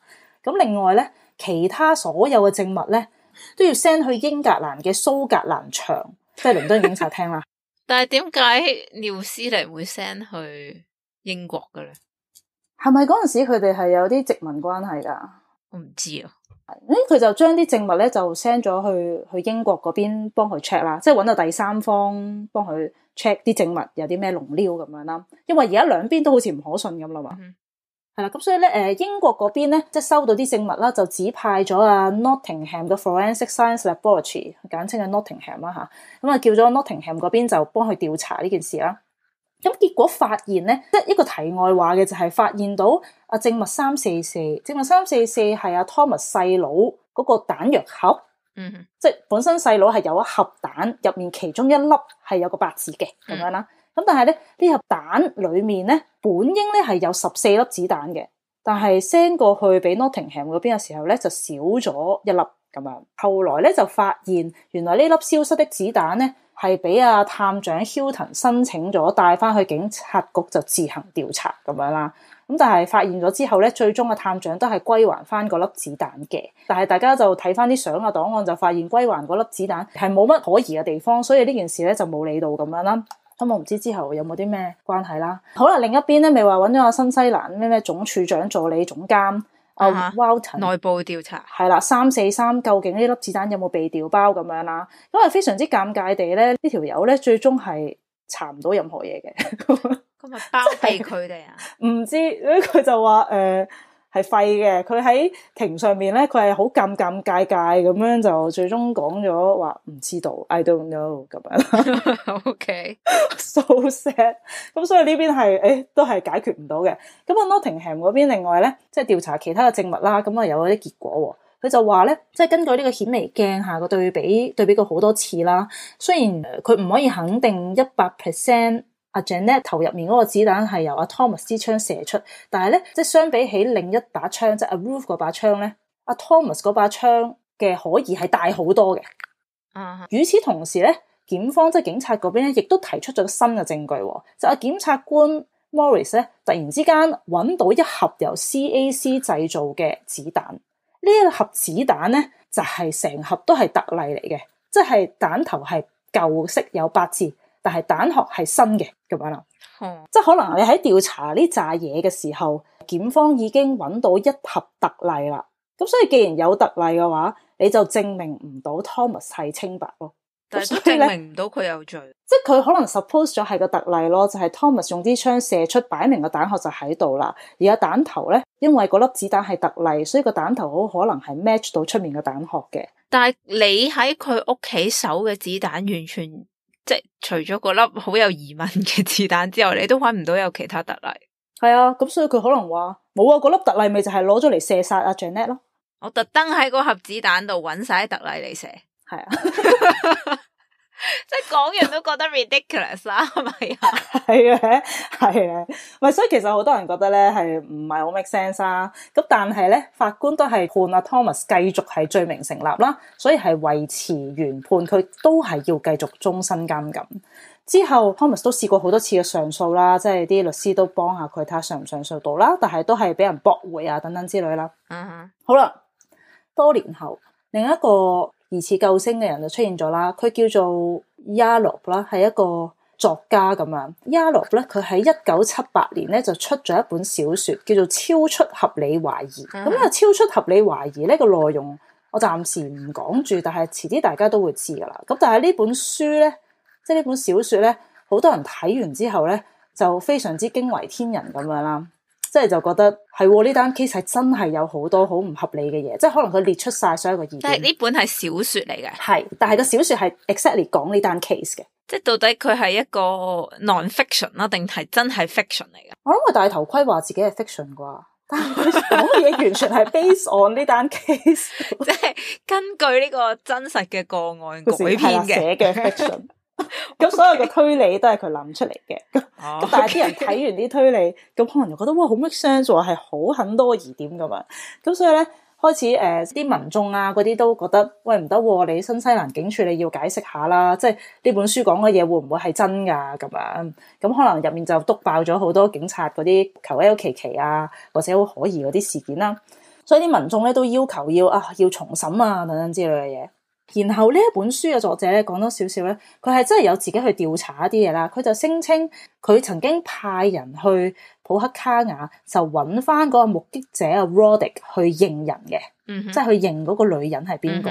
咁另外咧，其他所有嘅證物咧，都要 send 去英格蘭嘅蘇格蘭場。即係倫敦警察廳啦， 但係點解廖絲嚟會 send、啊嗯、去，去英國嘅咧？係咪嗰陣時佢哋係有啲殖民關係噶？我唔知啊，咁佢就將啲證物咧就 send 咗去去英國嗰邊幫佢 check 啦，即係搵到第三方幫佢 check 啲證物有啲咩龍尿咁樣啦，因為而家兩邊都好似唔可信咁啦嘛。嗯係啦，咁所以咧，誒，英國嗰邊咧，即係收到啲證物啦，就指派咗啊，Nottingham 嘅 Forensic Science Laboratory，簡稱 Not 啊 Nottingham 啦吓，咁啊叫咗 Nottingham 嗰邊就幫佢調查呢件事啦。咁、啊、結果發現咧，即係一個題外話嘅，就係發現到阿證物三四四，證物三四四係阿 Thomas 細佬嗰個彈藥盒，嗯、mm，hmm. 即係本身細佬係有一盒彈，入面其中一粒係有個白字嘅，咁樣啦。Mm hmm. 咁但係咧，呢盒蛋裏面咧，本應咧係有十四粒子彈嘅，但係 send 過去俾 Nottingham 嗰邊嘅時候咧，就少咗一粒咁樣。後來咧，就發現原來呢粒消失的子彈咧係俾阿探長 Hilton 申請咗帶翻去警察局就自行調查咁樣啦。咁但係發現咗之後咧，最終阿探長都係歸還翻嗰粒子彈嘅。但係大家就睇翻啲相啊檔案就發現歸還嗰粒子彈係冇乜可疑嘅地方，所以呢件事咧就冇理到咁樣啦。咁我唔知之後有冇啲咩關係啦。好啦，另一邊咧，咪話揾咗個新西蘭咩咩總處長助理總監歐沃頓內部調查，係啦，三四三，究竟呢粒子彈有冇被掉包咁樣啦？咁啊，非常之尷尬地咧，呢個、呢條友咧最終係查唔到任何嘢嘅。咁 咪包庇佢哋啊？唔 知佢就話誒。呃係廢嘅，佢喺庭上面咧，佢係好尷尷尬尬咁樣，就最終講咗話唔知道，I don't know 咁樣。 OK，so Okay. sad。咁所以呢邊係誒、欸、都係解決唔到嘅。咁啊 Nottingham 嗰邊另外咧，即係調查其他嘅證物啦，咁啊有啲結果、哦。佢就話咧，即係根據呢個顯微鏡下個對比對比過好多次啦，雖然佢唔可以肯定一百 percent。阿 Janet 頭入面嗰個子彈係由阿 Thomas 支槍射出，但係咧，即係相比起另一把槍即係阿 Roof 嗰把槍咧，阿 Thomas 嗰把槍嘅可疑係大好多嘅。Uh huh. 與此同時咧，檢方即係警察嗰邊咧，亦都提出咗新嘅證據，就係、是、檢、啊、察官 Morris 咧突然之間搵到一盒由 C A C 製造嘅子彈，呢一盒子彈咧就係、是、成盒都係特例嚟嘅，即係彈頭係舊式有八字。但係彈殼係新嘅咁樣啦，嗯、即係可能你喺調查呢扎嘢嘅時候，檢方已經揾到一盒特例啦。咁所以既然有特例嘅話，你就證明唔到 Thomas 係清白咯，但係都證明唔到佢有罪，即係佢可能 suppose 咗係個特例咯，就係、是、Thomas 用啲槍射出擺明個彈殼就喺度啦。而個彈頭咧，因為嗰粒子彈係特例，所以個彈頭好可能係 match 到出面嘅彈殼嘅。但係你喺佢屋企手嘅子彈完全。即係除咗嗰粒好有疑問嘅子彈之外，你都揾唔到有其他特例。係啊，咁所以佢可能話冇啊，嗰粒特例咪就係攞咗嚟射殺阿 Janet 咯。我特登喺嗰盒子彈度揾晒特例嚟射。係啊。 即係講完都覺得 ridiculous 啦 ，係咪？係啊，係啊，係啊。咪所以其實好多人覺得咧係唔係好 make sense 啦。咁但係咧，法官都係判阿 Thomas 繼續係罪名成立啦，所以係維持原判，佢都係要繼續終身監禁。之後 Thomas 都試過好多次嘅上訴啦，即係啲律師都幫下佢睇下上唔上訴到啦，但係都係俾人駁回啊等等之類啦。嗯、uh-huh. 好啦，多年後另一個。疑似救星嘅人就出現咗啦，佢叫做 Yallop 啦，係一個作家咁樣。Yallop 咧，佢喺一九七八年咧就出咗一本小說，叫做《超出合理懷疑》。咁啊、嗯，嗯《超出合理懷疑》呢呢，這個內容我暫時唔講住，但係遲啲大家都會知㗎啦。咁但係呢本書咧，即係呢本小說咧，好多人睇完之後咧就非常之驚為天人咁樣啦。即係就覺得係呢單 case 係真係有好多好唔合理嘅嘢，即係可能佢列出晒所有嘅疑點。但係呢本係小說嚟嘅，係但係個小說係 exactly 講呢單 case 嘅。即係到底佢係一個 non fiction 啦，定係真係 fiction 嚟嘅？我諗戴頭盔話自己係 fiction 啩，但係嗰嘢完全係 base on 呢單 case，即係根據呢個真實嘅個案改編寫嘅 fiction。 咁 Okay. 所有嘅推理都係佢諗出嚟嘅，咁 但係啲人睇完啲推理，咁 Okay. 可能就覺得哇好 make sense 係好很，很多疑點噶嘛，咁所以咧開始誒啲、呃、民眾啊嗰啲都覺得喂唔得，我哋、啊、新西蘭警署你要解釋下啦，即係呢本書講嘅嘢會唔會係真噶咁、啊、樣？咁可能入面就督爆咗好多警察嗰啲求求其其啊，或者好可疑嗰啲事件啦，所以啲民眾咧都要求要啊要重審啊等等之類嘅嘢。然後呢一本書嘅作者咧講多少少咧，佢係真係有自己去調查一啲嘢啦。佢就聲稱佢曾經派人去普克卡瓦，就揾翻嗰個目擊者啊 Rodic 去認人嘅，嗯、哼即係去認嗰個女人係邊、嗯、哼個。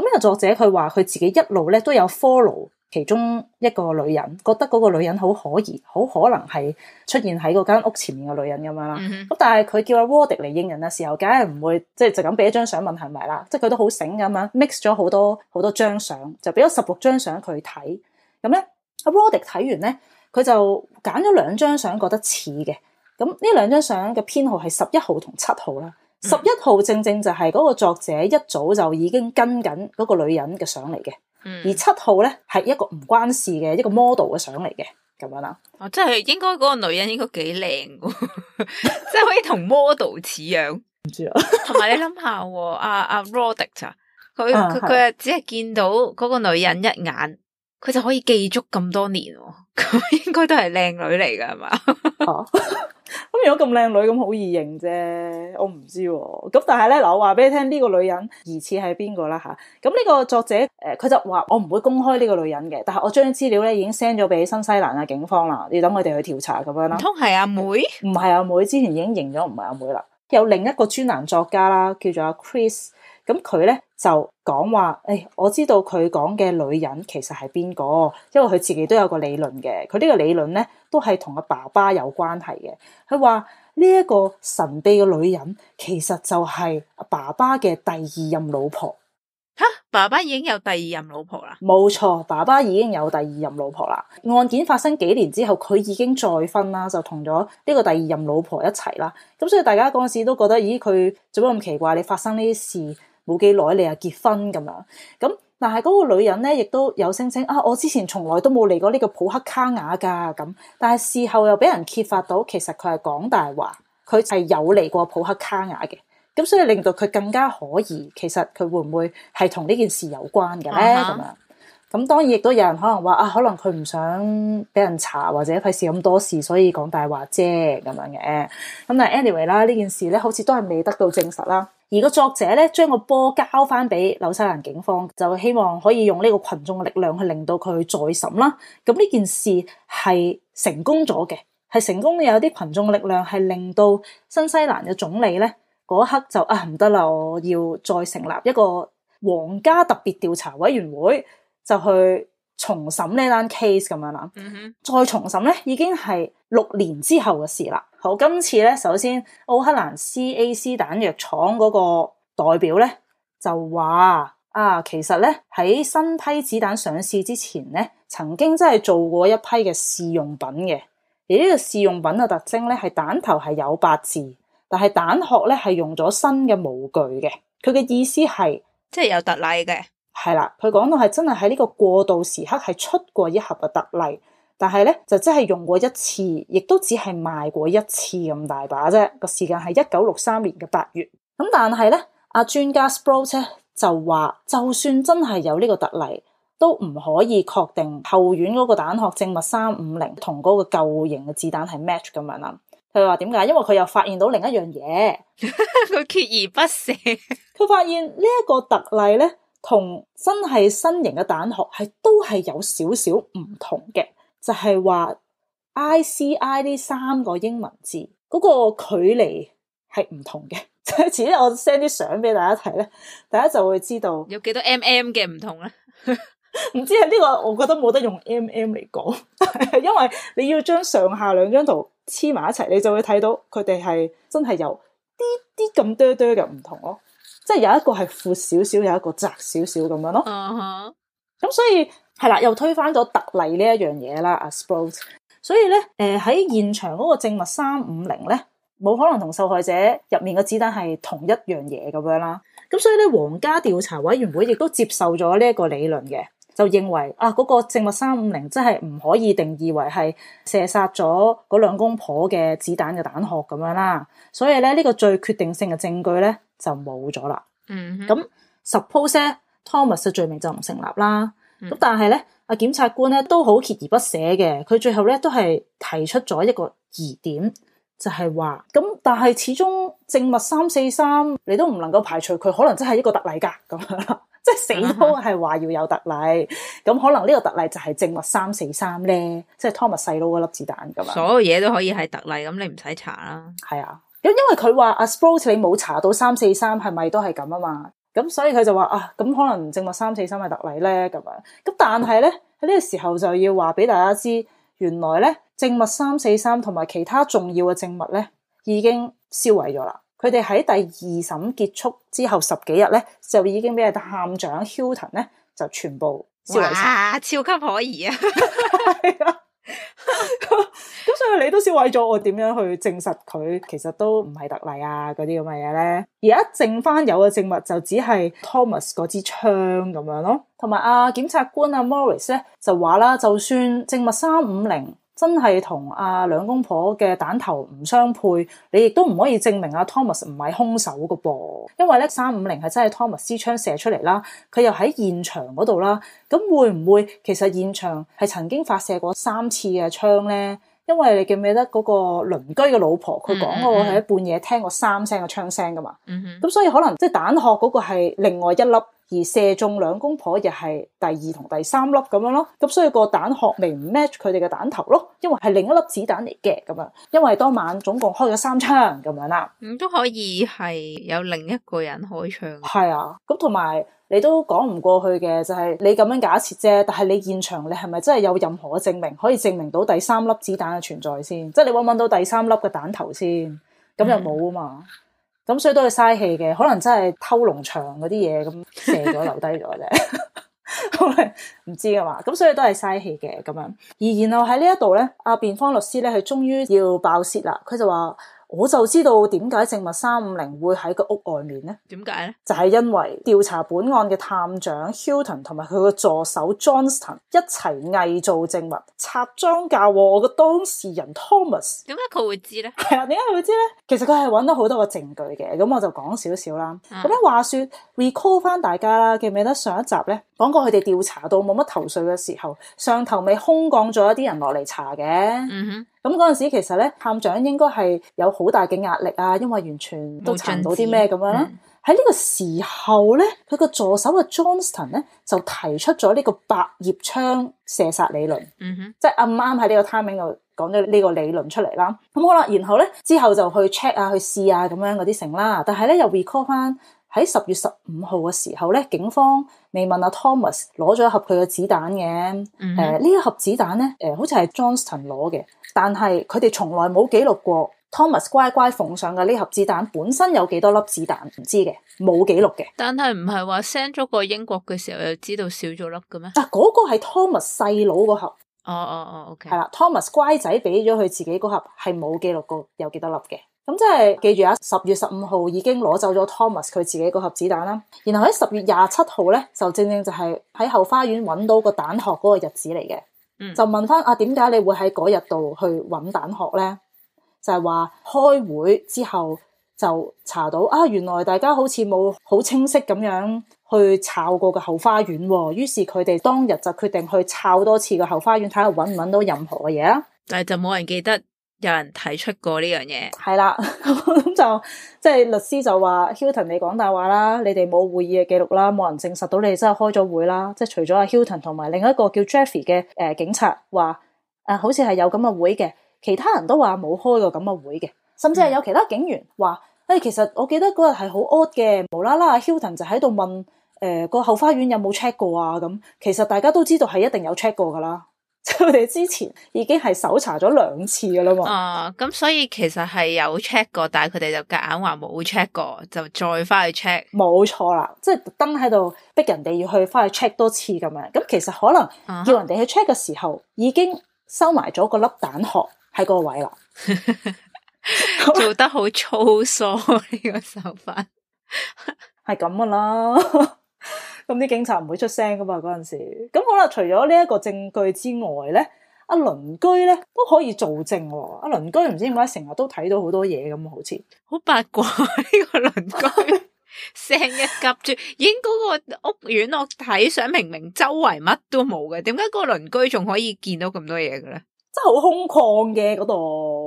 咁呢個作者佢話佢自己一路咧都有 follow。其中一個女人覺得嗰個女人好可疑，好可能係出現喺嗰間屋前面嘅女人咁樣啦。咁、mm hmm. 但係佢叫阿沃迪嚟認人嘅時候，梗係唔會即係就咁俾一張相問係咪啦。即係佢都好醒咁樣 mix 咗好多好多張相，就俾咗十六張相佢睇。咁咧，阿沃迪睇完咧，佢就揀咗兩張相覺得似嘅。咁呢兩張相嘅編號係十一號同七號啦。十一、mm hmm. 號正正正就係嗰個作者一早就已經跟緊嗰個女人嘅相嚟嘅。嗯、而七號咧係一個唔關事嘅一個 model 嘅相嚟嘅，咁樣啦。哦、啊，即係應該嗰個女人應該幾靚， 即係可以同 model 似樣。唔知 想想啊。同埋你諗下，阿阿 Roderick 啊，佢佢佢只係見到嗰個女人一眼，佢就可以記足咁多年。咁 應該都係靚女嚟噶，係嘛？ 啊 咁如果咁靚女咁好易認啫，我唔知咁，啊，但係咧，嗱我話俾你聽呢，這個女人疑似係邊個啦吓，咁，這，呢個作者誒，佢，呃，就話我唔會公開呢個女人嘅，但係我將啲資料咧已經 send 咗俾新西蘭嘅警方啦，要等佢哋去調查咁樣啦。唔通係阿妹？唔係阿妹，之前已經認咗唔係阿妹啦，有另一個專欄作家啦，叫做阿 Chris。咁佢咧就講話，誒、哎，我知道佢講嘅女人其實係邊個，因為佢自己都有個理論嘅。佢呢個理論咧都係同阿爸爸有關係嘅。佢話呢一個神秘嘅女人其實就係爸爸嘅第二任老婆。吓，爸爸已經有第二任老婆啦？冇錯，爸爸已經有第二任老婆啦。案件發生幾年之後，佢已經再婚啦，就同咗呢個第二任老婆一齊啦。咁所以大家嗰陣時都覺得，咦、哎，佢做乜咁奇怪？你發生呢啲事？冇幾耐你又結婚咁樣，咁但係嗰個女人咧，亦都有聲稱啊，我之前從來都冇嚟過呢個普克卡雅㗎，咁但係事後又俾人揭發到，其實佢係講大話，佢係有嚟過普克卡瓦嘅，咁所以令到佢更加可疑，其實佢會唔會係同呢件事有關嘅咧？咁、uh huh. 樣。咁當然亦都有人可能話啊，可能佢唔想俾人查或者費事咁多事，所以講大話啫咁樣嘅。咁但係 anyway 啦，呢件事咧，好似都係未得到證實啦。而個作者咧，將個波交翻俾紐西蘭警方，就希望可以用呢個群眾嘅力量去令到佢再審啦。咁呢件事係成功咗嘅，係成功有啲群眾嘅力量係令到新西蘭嘅總理咧嗰一刻就，啊唔得啦，我要再成立一個皇家特別調查委員會。就去重審呢單 case 咁樣啦，嗯、哼再重審咧已經係六年之後嘅事啦。好，今次咧，首先奧克蘭 CAC 彈藥廠嗰個代表咧就話啊，其實咧喺新批子彈上市之前咧，曾經真係做過一批嘅試用品嘅。而、這、呢個試用品嘅特徵咧係彈頭係有八字，但係彈殼咧係用咗新嘅模具嘅。佢嘅意思係即係有特例嘅。係啦，佢講到係真係喺呢個過渡時刻係出過一盒嘅特例，但係咧就真係用過一次，亦都只係賣過一次咁大把啫。個時間係一九六三年嘅八月。咁但係咧，阿專家 Sprouts 咧就話，就算真係有呢個特例，都唔可以確定後院嗰個彈殼證物三五零同嗰個舊型嘅子彈係 match 咁樣啦。佢話點解？因為佢又發現到另一樣嘢，佢鍥 而不捨 ，佢發現呢一個特例咧。同真係新型嘅蛋殼係都係有少少唔同嘅，就係話 ICI 呢三個英文字嗰個距離係唔同嘅。咁遲啲我 send 啲相俾大家睇咧，大家就會知道有幾多 mm 嘅唔同咧。唔知啊，呢 個我覺得冇得用 mm 嚟講， 因為你要將上下兩張圖黐埋一齊，你就會睇到佢哋係真係有啲啲咁多多嘅唔同咯。即係有一個係闊少少，有一個窄少少咁樣咯。咁、uh huh. 所以係啦，又推翻咗特例呢一樣嘢啦。啊，spot，所以咧，誒、呃、喺現場嗰個證物三五零咧，冇可能同受害者入面嘅子彈係同一樣嘢咁樣啦。咁所以咧，皇家調查委員會亦都接受咗呢一個理論嘅，就認為啊嗰、那個證物三五零真係唔可以定義為係射殺咗嗰兩公婆嘅子彈嘅彈殼咁樣啦。所以咧，呢、這個最決定性嘅證據咧。就冇咗啦。咁、mm hmm. suppose Thomas 嘅罪名就唔成立啦。咁、mm hmm. 但係咧，阿檢察官咧都好鍥而不捨嘅。佢最後咧都係提出咗一個疑點，就係話咁。但係始終證物三四三，你都唔能夠排除佢可能真係一個特例噶咁樣。 即係死都係話要有特例。咁、mm hmm. 可能呢個特例就係證物三四三咧，即係 Thomas 細佬嗰粒子彈咁樣。所有嘢都可以係特例，咁你唔使查啦。係啊。因為佢話阿 Sports 你冇查到三四三係咪都係咁啊嘛，咁所以佢就話啊，咁可能證物三四三係特例咧咁樣。咁但係咧喺呢個時候就要話俾大家知，原來咧證物三四三同埋其他重要嘅證物咧已經銷毀咗啦。佢哋喺第二審結束之後十幾日咧，就已經俾探長 Hilton 咧就全部銷毀晒。啊，超級可疑啊！ 對啊 咁所以你都是為咗我點樣去證實佢其實都唔係特例啊，嗰啲咁嘅嘢咧。而家剩翻有嘅證物就只係 Thomas 嗰支槍咁樣咯，同埋啊檢察官啊 Morris 咧就話啦，就算證物三五零真係同阿兩公婆嘅彈頭唔相配，你亦都唔可以證明阿、啊、Thomas 唔係兇手噶噃，因為咧三五零係真係 Thomas 支槍射出嚟啦，佢又喺現場嗰度啦，咁會唔會其實現場係曾經發射過三次嘅槍咧？因為你記唔記得嗰個鄰居嘅老婆，佢講嗰個係一半夜聽過三聲嘅槍聲㗎嘛，咁、嗯、哼所以可能即係彈殼嗰個係另外一粒。而射中兩公婆又係第二同第三粒咁樣咯，咁所以個彈殼未 match 佢哋嘅彈頭咯，因為係另一粒子彈嚟嘅咁啊，因為當晚總共開咗三槍咁樣啦，咁都可以係有另一個人開槍，係啊，咁同埋你都講唔過去嘅就係你咁樣假設啫，但係你現場你係咪真係有任何嘅證明可以證明到第三粒子彈嘅存在先？即係你搵唔到第三粒嘅彈頭先，咁又冇啊嘛。嗯咁所以都係嘥氣嘅，可能真係偷龍搶嗰啲嘢咁射咗留低咗啫，唔、 okay, 知啊嘛，咁所以都係嘥氣嘅咁樣。而然後喺呢一度咧，阿辯方律師咧，佢終於要爆泄啦，佢就話，我就知道點解證物三五零會喺個屋外面咧？點解咧？就係因為調查本案嘅探長 Hilton 同埋佢個助手 Johnston 一齊偽造證物插贓架，我個當事人 Thomas。點解佢會知咧？係啊，點解佢會知咧？其實佢係揾到好多個證據嘅。咁我就講少少啦。咁咧、嗯、話說 recall 翻大家啦，記唔記得上一集咧？講過佢哋調查到冇乜頭緒嘅時候，上頭咪空降咗一啲人落嚟查嘅。咁嗰陣時其實咧，探長應該係有好大嘅壓力啊，因為完全都查唔到啲咩咁樣啦。喺呢、嗯、個時候咧，佢個助手嘅 Johnston 咧就提出咗呢個百葉窗射殺理論，即係啱啱喺呢個 timing 度講咗呢個理論出嚟啦。咁好啦，嗯、然後咧之後就去 check 啊，去試啊咁樣嗰啲成啦。但係咧又 recall 翻。喺十月十五號嘅時候咧，警方未問阿、啊、Thomas 攞咗一盒佢嘅子彈嘅。誒、嗯哼，呢、呃、一盒子彈咧，誒、呃，好似係 Johnson 攞嘅，但係佢哋從來冇記錄過 Thomas 乖乖奉上嘅呢盒子彈本身有幾多粒子彈唔知嘅，冇記錄嘅。但係唔係話 send 咗過英國嘅時候又知道少咗粒嘅咩？啊，嗰、那個係 Thomas 細佬個盒。哦哦哦，OK。係啦，Thomas 乖仔俾咗佢自己嗰盒係冇記錄過有幾多粒嘅。咁即係記住啊！十月十五號已經攞走咗 Thomas 佢自己個盒子彈啦。然後喺十月廿七號咧，就正正就係喺後花園揾到個彈殼嗰個日子嚟嘅。就問翻啊，點解你會喺嗰日度去揾彈殼咧？就係、是、話開會之後就查到啊，原來大家好似冇好清晰咁樣去抄過個後花園，哦。於是佢哋當日就決定去抄多次個後花園，睇下揾唔揾到任何嘅嘢啊。但係就冇人記得。有人提出過呢樣嘢，係啦，咁就即係律師就話 Hilton 你講大話啦，你哋冇會議嘅記錄啦，冇人證實到你哋真係開咗會啦。即係除咗阿 Hilton 同埋另一個叫 Jeffy 嘅誒警察話，誒好似係有咁嘅會嘅，其他人都話冇開過咁嘅會嘅，甚至係有其他警員話，誒其實我記得嗰日係好 odd 嘅，無啦啦阿 Hilton 就喺度問誒個後花園有冇 check 過啊？咁其實大家都知道係一定有 check 過噶啦。即係我哋之前已經係搜查咗兩次噶啦嘛、哦，啊，咁所以其實係有 check 過，但係佢哋就夾硬話冇 check 過，就再翻去 check，冇錯啦，即係特登喺度逼人哋要去翻去 check 多次咁樣，咁其實可能叫人哋去 check 嘅時候，哦、已經收埋咗個粒蛋殼喺個位啦， 做得好粗疏呢、這個手法，係咁啊啦。咁啲警察唔會出聲噶嘛嗰陣時，咁好啦。除咗呢一個證據之外咧，阿鄰居咧都可以做證喎。阿鄰居唔知點解成日都睇到好多嘢咁，好似好八卦呢、這個鄰居，成 日夾住影嗰個屋苑。我睇相明明周圍乜都冇嘅，點解個鄰居仲可以見到咁多嘢嘅咧？真係好空曠嘅嗰度。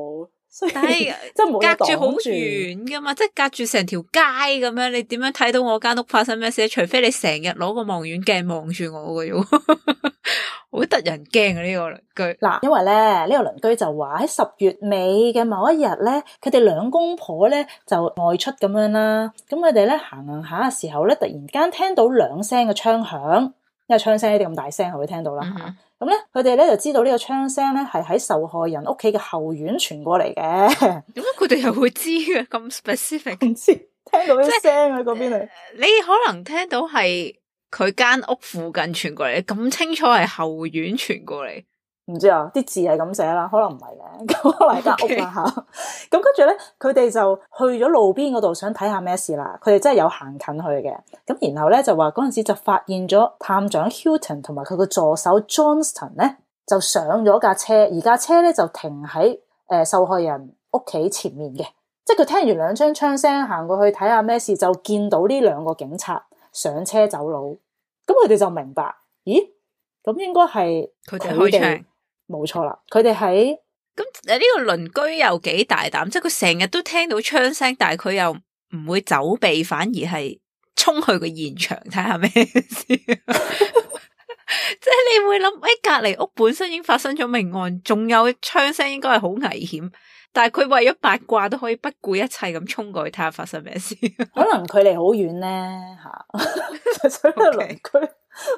但係即係隔住好遠噶嘛，即係 隔住成條街咁樣， 你點樣睇到我間屋發生咩事？除非你成日攞個望遠鏡望住我嘅， 好得人驚啊！這個、鄰呢個鄰居嗱，因為咧呢個鄰居就話喺十月尾嘅某一日咧，佢哋兩公婆咧就外出咁樣啦，咁佢哋咧行行下嘅時候咧，突然間聽到兩聲嘅槍響，因為槍聲一定咁大聲，我會聽到啦吓。Mm hmm. 咁咧，佢哋咧就知道呢個槍聲咧係喺受害人屋企嘅後院傳過嚟嘅。點解佢哋又會知嘅？咁 specific 知聽到啲聲喺嗰邊嚟？你可能聽到係佢間屋附近傳過嚟，咁清楚係後院傳過嚟。唔知啊，啲字係咁寫啦，可能唔係嘅。咁我嚟間屋啦嚇，咁跟住咧，佢哋就去咗路邊嗰度，想睇下咩事啦。佢哋真係有行近去嘅。咁然後咧就話嗰陣時就發現咗探長 Hilton 同埋佢個助手 Johnston 咧，就上咗架車，而架車咧就停喺誒、呃、受害人屋企前面嘅。即係佢聽完兩張槍聲，行過去睇下咩事，就見到呢兩個警察上車走佬。咁佢哋就明白，咦？咁應該係佢哋開槍。冇錯啦，佢哋喺咁誒呢個鄰居又幾大膽，即係佢成日都聽到槍聲，但係佢又唔會走避，反而係衝去個現場睇下咩事。 即係你會諗，喺、哎、隔籬屋本身已經發生咗命案，仲有槍聲，應該係好危險，但係佢為咗八卦都可以不顧一切咁衝過去睇下發生咩事。 可能距離好遠咧，吓， 個鄰居。Okay.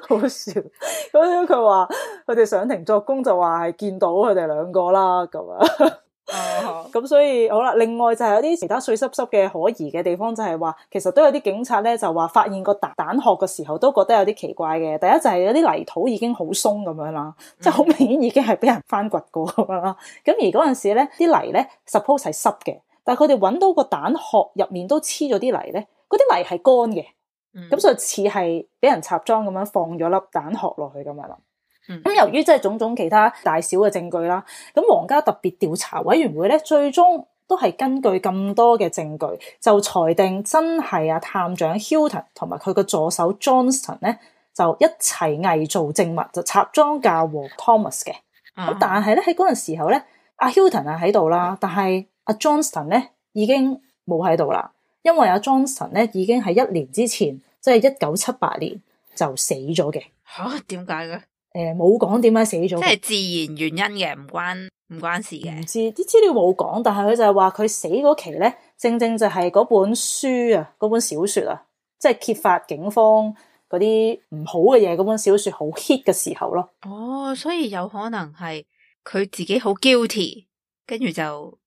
好笑咁樣，佢話佢哋上庭作供，就話係見到佢哋兩個啦咁樣。咁、oh, oh. 所以好啦，另外就係有啲其他碎濕濕嘅可疑嘅地方就，就係話其實都有啲警察咧就話發現個蛋，蛋殼嘅時候都覺得有啲奇怪嘅。第一就係有啲泥土已經好鬆咁樣啦，mm. 即係好明顯已經係俾人翻掘過咁樣啦。咁而嗰陣時咧，啲泥咧 suppose 係濕嘅，但係佢哋揾到個蛋殼入面都黐咗啲泥咧，嗰啲泥係乾嘅。咁所以似係俾人插贓咁樣放咗粒彈殼落去咁樣啦。咁、嗯、由於即係種種其他大小嘅證據啦，咁皇家特別調查委員會咧，最終都係根據咁多嘅證據，就裁定真係啊探長 Hilton 同埋佢個助手 Johnston 咧，就一齊偽造證物就插贓嫁禍 Thomas 嘅。咁、啊、但係咧喺嗰陣時候咧，阿 Hilton 啊喺度啦，但係阿、啊、Johnston 咧已經冇喺度啦。因為阿莊臣咧已經係一年之前，即係一九七八年就死咗嘅。吓，點解嘅？誒，冇講點解死咗，即係自然原因嘅，唔關唔關事嘅。唔知啲資料冇講，但係佢就係話佢死嗰期咧，正正就係嗰本書啊，嗰本小說啊，即係揭發警方嗰啲唔好嘅嘢，嗰本小說好 hit 嘅時候咯。哦，所以有可能係佢自己好 guilty，跟住就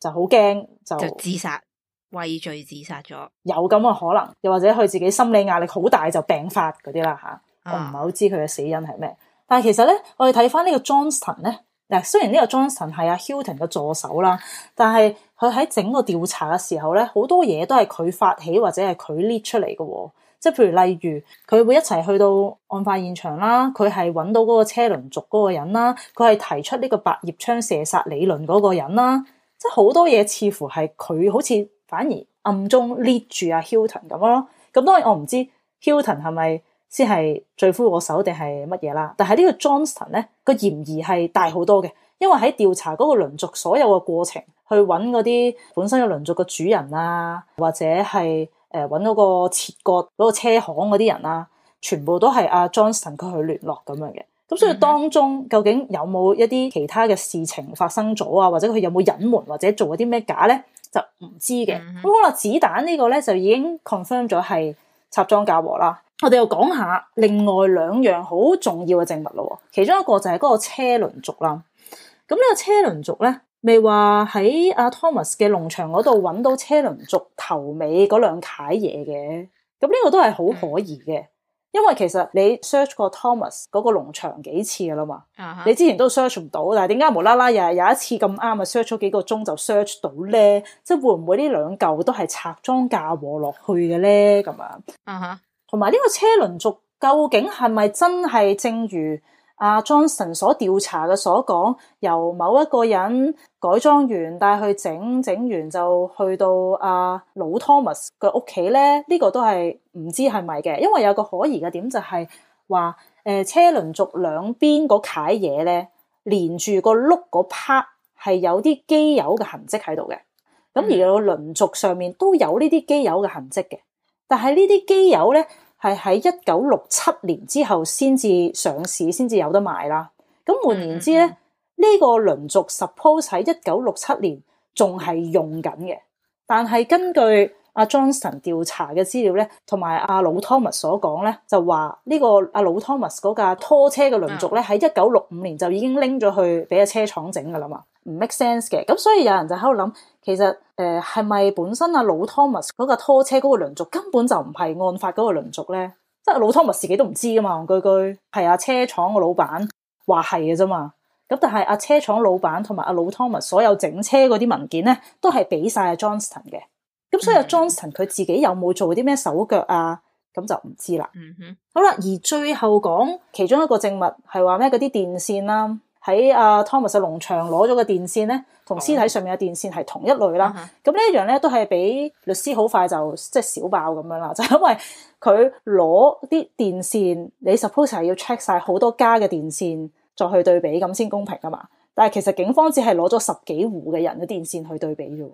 就好驚就就自殺。畏罪自殺咗，有咁嘅可能，又或者佢自己心理壓力好大就病發嗰啲啦嚇，我唔係好知佢嘅死因係咩。但係其實咧，我哋睇翻呢個 Johnston 咧，嗱，雖然呢個 Johnston 係阿 Hilton 嘅助手啦，但係佢喺整個調查嘅時候咧，好多嘢都係佢發起或者係佢 lead 出嚟嘅，即係譬如例如佢會一齊去到案發現場啦，佢係揾到嗰個車輪族嗰個人啦，佢係提出呢個白葉槍射殺理論嗰個人啦，即係好多嘢似乎係佢好似。反而暗中捏住阿 Hilton 咁樣咯，咁當然我唔知 Hilton 係咪先係罪魁禍首定係乜嘢啦，但係呢個 Johnson 咧個嫌疑係大好多嘅，因為喺調查嗰個輪軸所有嘅過程，去揾嗰啲本身嘅輪軸嘅主人啊，或者係誒揾嗰個切割嗰個車行嗰啲人啊，全部都係阿 Johnson 佢去聯絡咁樣嘅。咁所以當中究竟有冇一啲其他嘅事情發生咗啊？或者佢有冇隱瞞或者做嗰啲咩假咧？就唔知嘅。咁 可能子彈呢個咧就已經 confirm 咗係插贓嫁禍啦。我哋又講下另外兩樣好重要嘅證物咯。其中一個就係嗰個車輪軸啦。咁呢個車輪軸咧，未話喺阿、啊、Thomas 嘅農場嗰度揾到車輪軸頭尾嗰兩塊嘢嘅。咁呢個都係好可疑嘅。因為其實你 search 過 Thomas 嗰個農場幾次噶啦嘛，uh huh. 你之前都 search 唔到，但係點解無啦啦又有一次咁啱啊 search 咗幾個鐘就 search 到咧？即係會唔會兩呢兩嚿都係拆裝嫁禍落去嘅咧？咁樣，同埋呢個車輪族究竟係咪真係正如阿、啊、Johnson 所調查嘅所講，由某一個人改裝完，帶去整整完就去到阿、啊、老 Thomas 嘅屋企咧，呢、這個都係唔知係咪嘅，因為有個可疑嘅點就係、是、話，誒、呃、車輪軸兩邊嗰啓嘢咧，連住個轆嗰 part 係有啲機油嘅痕跡喺度嘅，咁、嗯、而個輪軸上面都有呢啲機油嘅痕跡嘅，但係呢啲機油咧。係喺一九六七年之後先至上市，先至有得賣啦。咁換言之咧，呢、mm hmm. 個輪軸 suppose 喺一九六七年仲係用緊嘅。但係根據阿 Johnson 調查嘅資料咧，同埋阿老 Thomas 所講咧，就話呢個阿老 Thomas 嗰架拖車嘅輪軸咧，喺一九六五年就已經拎咗去俾個車廠整噶啦嘛。唔 make sense 嘅，咁所以有人就喺度諗，其實誒係咪本身阿老 Thomas 嗰個拖車嗰個輪軸根本就唔係案發嗰個輪軸咧？即係老 Thomas 自己都唔知噶嘛，句句係阿車廠個老闆話係嘅啫嘛。咁但係阿車廠老闆同埋阿老 Thomas 所有整車嗰啲文件咧，都係俾晒阿 Johnston 嘅。咁所以阿 Johnston 佢自己有冇做啲咩手腳啊？咁就唔知啦。好啦，而最後講其中一個證物係話咩？嗰啲電線啦、啊。喺阿、啊、Thomas 嘅農場攞咗嘅電線咧，同屍體上面嘅電線係同一類啦。咁、嗯、哼呢一樣咧，都係俾律師好快就即係小爆咁樣啦。就是、因為佢攞啲電線，你 suppose 係要 check 晒好多家嘅電線再去對比咁先公平啊嘛。但係其實警方只係攞咗十幾戶嘅人嘅電線去對比啫。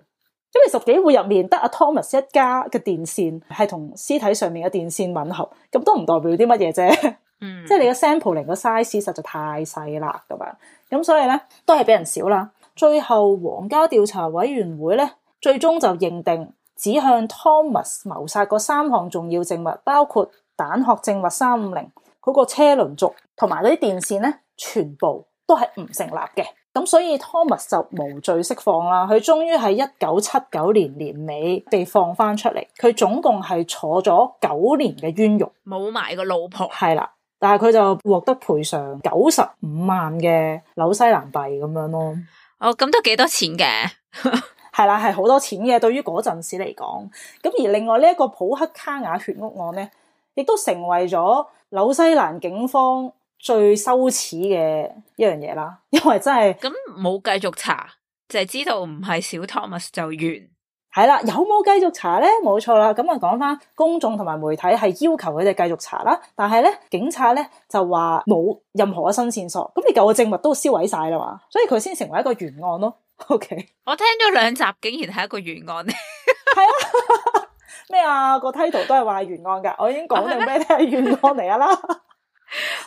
因為十幾戶入面、啊，得阿 Thomas 一家嘅電線係同屍體上面嘅電線吻合，咁都唔代表啲乜嘢啫。嗯，即係你個 sampling 個 size 實在太細啦，咁樣，咁所以咧都係俾人少啦。最後皇家調查委員會咧，最終就認定指向 Thomas 謀殺嗰三項重要證物，包括彈殼證物三五零嗰個車輪軸同埋嗰啲電線咧，全部都係唔成立嘅。咁所以 Thomas 就無罪釋放啦。佢終於喺一九七九年年尾被放翻出嚟。佢總共係坐咗九年嘅冤獄，冇埋個老婆，係啦。但係佢就獲得賠償九十五萬嘅紐西蘭幣咁樣咯。哦，咁都幾多錢嘅？係 啦，係好多錢嘅。對於嗰陣時嚟講，咁而另外呢一個普克卡瓦血屋案咧，亦都成為咗紐西蘭警方最羞恥嘅一樣嘢啦。因為真係咁冇繼續查，淨係知道唔係小 Thomas 就完。係啦，有冇繼續查咧？冇錯啦，咁啊講翻公眾同埋媒體係要求佢哋繼續查啦。但係咧，警察咧就話冇任何嘅新線索。咁你舊嘅證物都銷毀晒啦嘛，所以佢先成為一個懸案咯。O、okay、K，我聽咗兩集，竟然係一個懸案咧。係 是啊，咩 啊個 title 都係話懸案噶，我已經講定咩都係懸案嚟啦。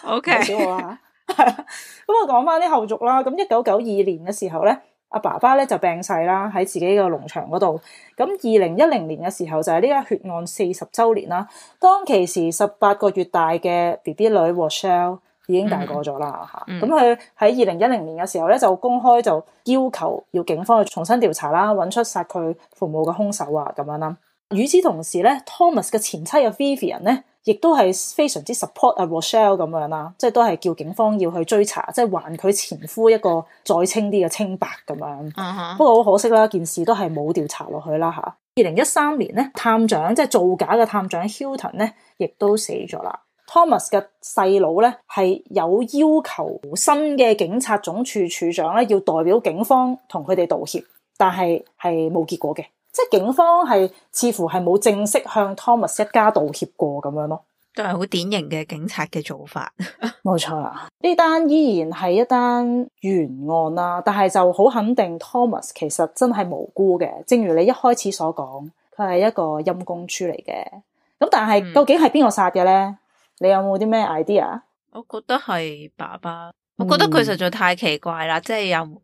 O K，小浩啊，係啦、啊，咁啊講翻啲後續啦。咁一九九二年嘅時候咧。阿爸爸咧就病逝啦，喺自己嘅農場嗰度。咁二零一零年嘅時候就係呢個血案四十周年啦。當其時十八個月大嘅 BB 女 Rochelle 已經大個咗啦吓。咁佢喺二零一零年嘅時候咧就公開就要求要警方去重新調查啦，揾出殺佢父母嘅凶手啊咁樣啦。與此同時咧，Thomas 嘅前妻嘅 Vivian 咧。亦都係非常之 support 阿 Rochelle 咁樣啦，即係都係叫警方要去追查，即係還佢前夫一個再清啲嘅清白咁樣。不過好可惜啦，件事都係冇調查落去啦吓。二零一三年咧，探長即係造假嘅探長 Hilton 咧，亦都死咗啦。Thomas 嘅細佬咧係有要求新嘅警察總署處長咧要代表警方同佢哋道歉，但係係冇結果嘅。即係警方係似乎係冇正式向 Thomas 一家道歉過咁樣咯，都係好典型嘅警察嘅做法。冇 錯啊！呢單依然係一單懸案啦，啊，但係就好肯定 Thomas 其實真係無辜嘅。正如你一開始所講，佢係一個陰公豬嚟嘅。咁但係、嗯、究竟係邊個殺嘅咧？你有冇啲咩 idea？我覺得係爸爸，我覺得佢實在太奇怪啦，嗯、即係有。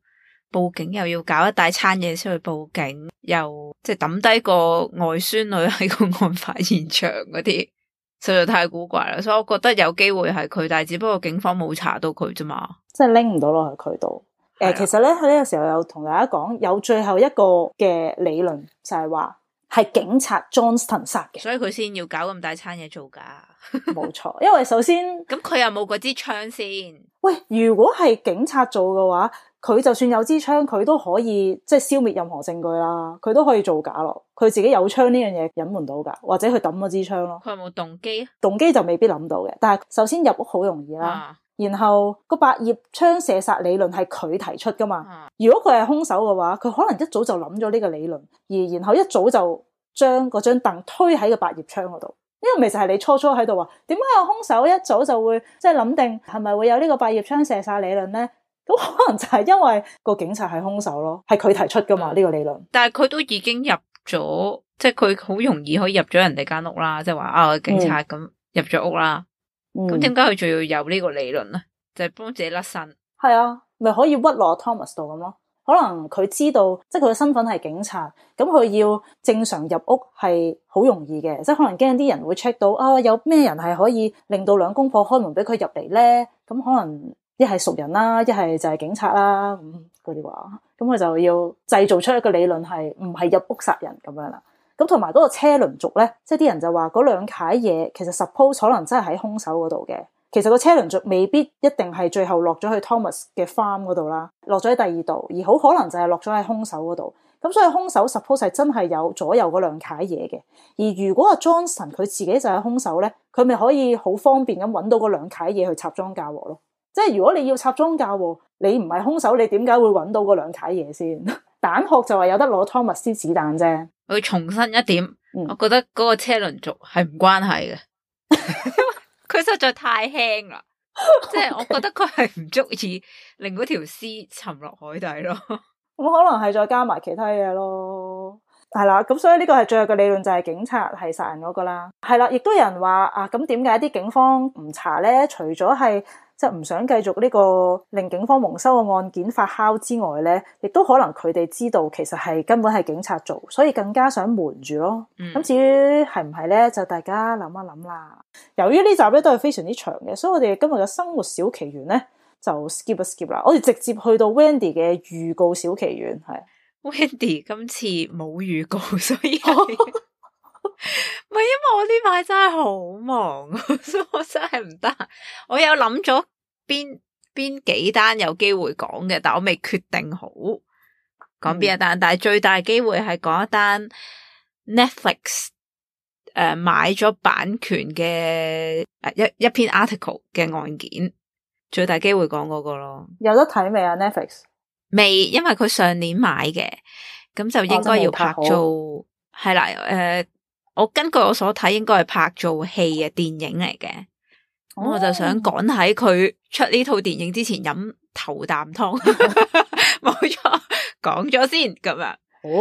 報警又要搞一大餐嘢，先去報警，又即係抌低個外孫女喺個案發現場嗰啲，實在太古怪啦！所以我覺得有機會係佢，但係只不過警方冇查到佢啫嘛，即係拎唔到落去佢度。誒、欸，的其實咧，呢、這個時候又同大家講，有最後一個嘅理論就係話係警察 Johnston 殺嘅，所以佢先要搞咁大餐嘢做㗎。冇 錯，因為首先咁佢又冇嗰支槍先。喂，如果係警察做嘅話？佢就算有支槍，佢都可以即係消滅任何證據啦。佢都可以做假咯。佢自己有槍呢樣嘢隱瞞到噶，或者佢抌咗支槍咯。佢有冇動機？動機就未必諗到嘅。但係首先入屋好容易啦。啊、然後個百葉窗射殺理論係佢提出噶嘛？啊、如果佢係兇手嘅話，佢可能一早就諗咗呢個理論，而然後一早就將嗰張凳推喺個百葉窗嗰度。呢個咪就係你初初喺度話，點解個兇手一早就會即係諗定係咪會有呢個百葉窗射殺理論咧？都可能就係因為個警察係凶手咯，係佢提出噶嘛呢個理論。但係佢都已經入咗，即係佢好容易可以入咗人哋間屋啦。即係話啊，警察咁、嗯、入咗屋啦，咁點解佢仲要有呢個理論咧？就係、幫自己甩身。係啊，咪可以屈落 Thomas 度咁咯。可能佢知道，即係佢嘅身份係警察，咁佢要正常入屋係好容易嘅。即係可能驚啲人會 check 到啊，有咩人係可以令到兩公婆開門俾佢入嚟？咧？咁可能。一係熟人啦，一係就係警察啦，咁嗰啲話咁，佢就要製造出一個理論係唔係入屋殺人咁樣啦。咁同埋嗰個車輪軸咧，即係啲人就話嗰兩塊嘢其實 suppose 可能真係喺凶手嗰度嘅。其實個車輪軸未必一定係最後落咗去 Thomas 嘅 farm 嗰度啦，落咗喺第二度，而好可能就係落咗喺凶手嗰度。咁所以凶手 suppose 係真係有左右嗰兩塊嘢嘅。而如果阿 Johnson 佢自己就係凶手咧，佢咪可以好方便咁搵到嗰兩塊嘢去插贓嫁禍咯。即係如果你要插中教，你唔係兇手，你點解會揾到嗰兩攤嘢先？彈殼就話有得攞湯物斯子彈啫。我要重申一點，嗯、我覺得嗰個車輪軸係唔關係嘅，佢 實在太輕啦。 即係我覺得佢係唔足以令嗰條屍沉落海底 咯。我可能係再加埋其他嘢咯。係啦，咁所以呢個係最後嘅理論就係警察係殺人嗰個啦。係啦，亦都有人話啊，咁點解啲警方唔查咧？除咗係，即係唔想繼續呢個令警方蒙羞嘅案件發酵之外咧，亦都可能佢哋知道其實係根本係警察做，所以更加想瞞住咯。咁、嗯、至於係唔係咧，就大家諗一諗啦。由於呢集咧都係非常之長嘅，所以我哋今日嘅生活小奇緣咧就 skip a skip 不 skip 啦。我哋直接去到 Wendy 嘅預告小奇緣係。Wendy 今次冇預告，所以。 唔係， 因為我呢排真係好忙，所以我真係唔得。我有諗咗邊邊幾單有機會講嘅，但我未決定好講邊一單。嗯、但係最大機會係講一單 Netflix 誒、呃、買咗版權嘅一一篇 article 嘅案件，最大機會講嗰個咯。有得睇未啊？Netflix 未，因為佢上年買嘅咁就應該要拍做係啦，誒、哦。我根據我所睇，應該係拍做戲嘅電影嚟嘅，哦、我就想趕喺佢出呢套電影之前飲頭啖湯，冇 錯，講咗先咁樣，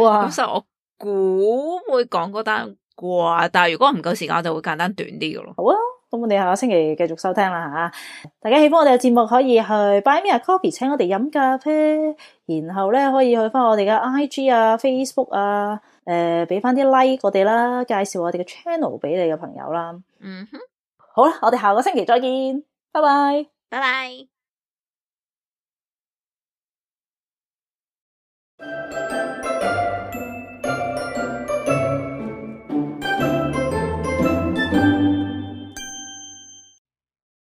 好啊。所以我估會講嗰單啩，但係如果唔夠時間，我就會簡單短啲嘅咯。好啊，咁我哋下個星期繼續收聽啦吓、啊。大家喜歡我哋嘅節目，可以去 Buy me a coffee，請我哋飲咖啡，然後咧可以去翻我哋嘅 IG 啊、Facebook 啊。誒，俾翻啲 like 我哋啦，介紹我哋嘅 channel 俾你嘅朋友啦。嗯哼，好啦，我哋下個星期再見，拜拜，拜拜。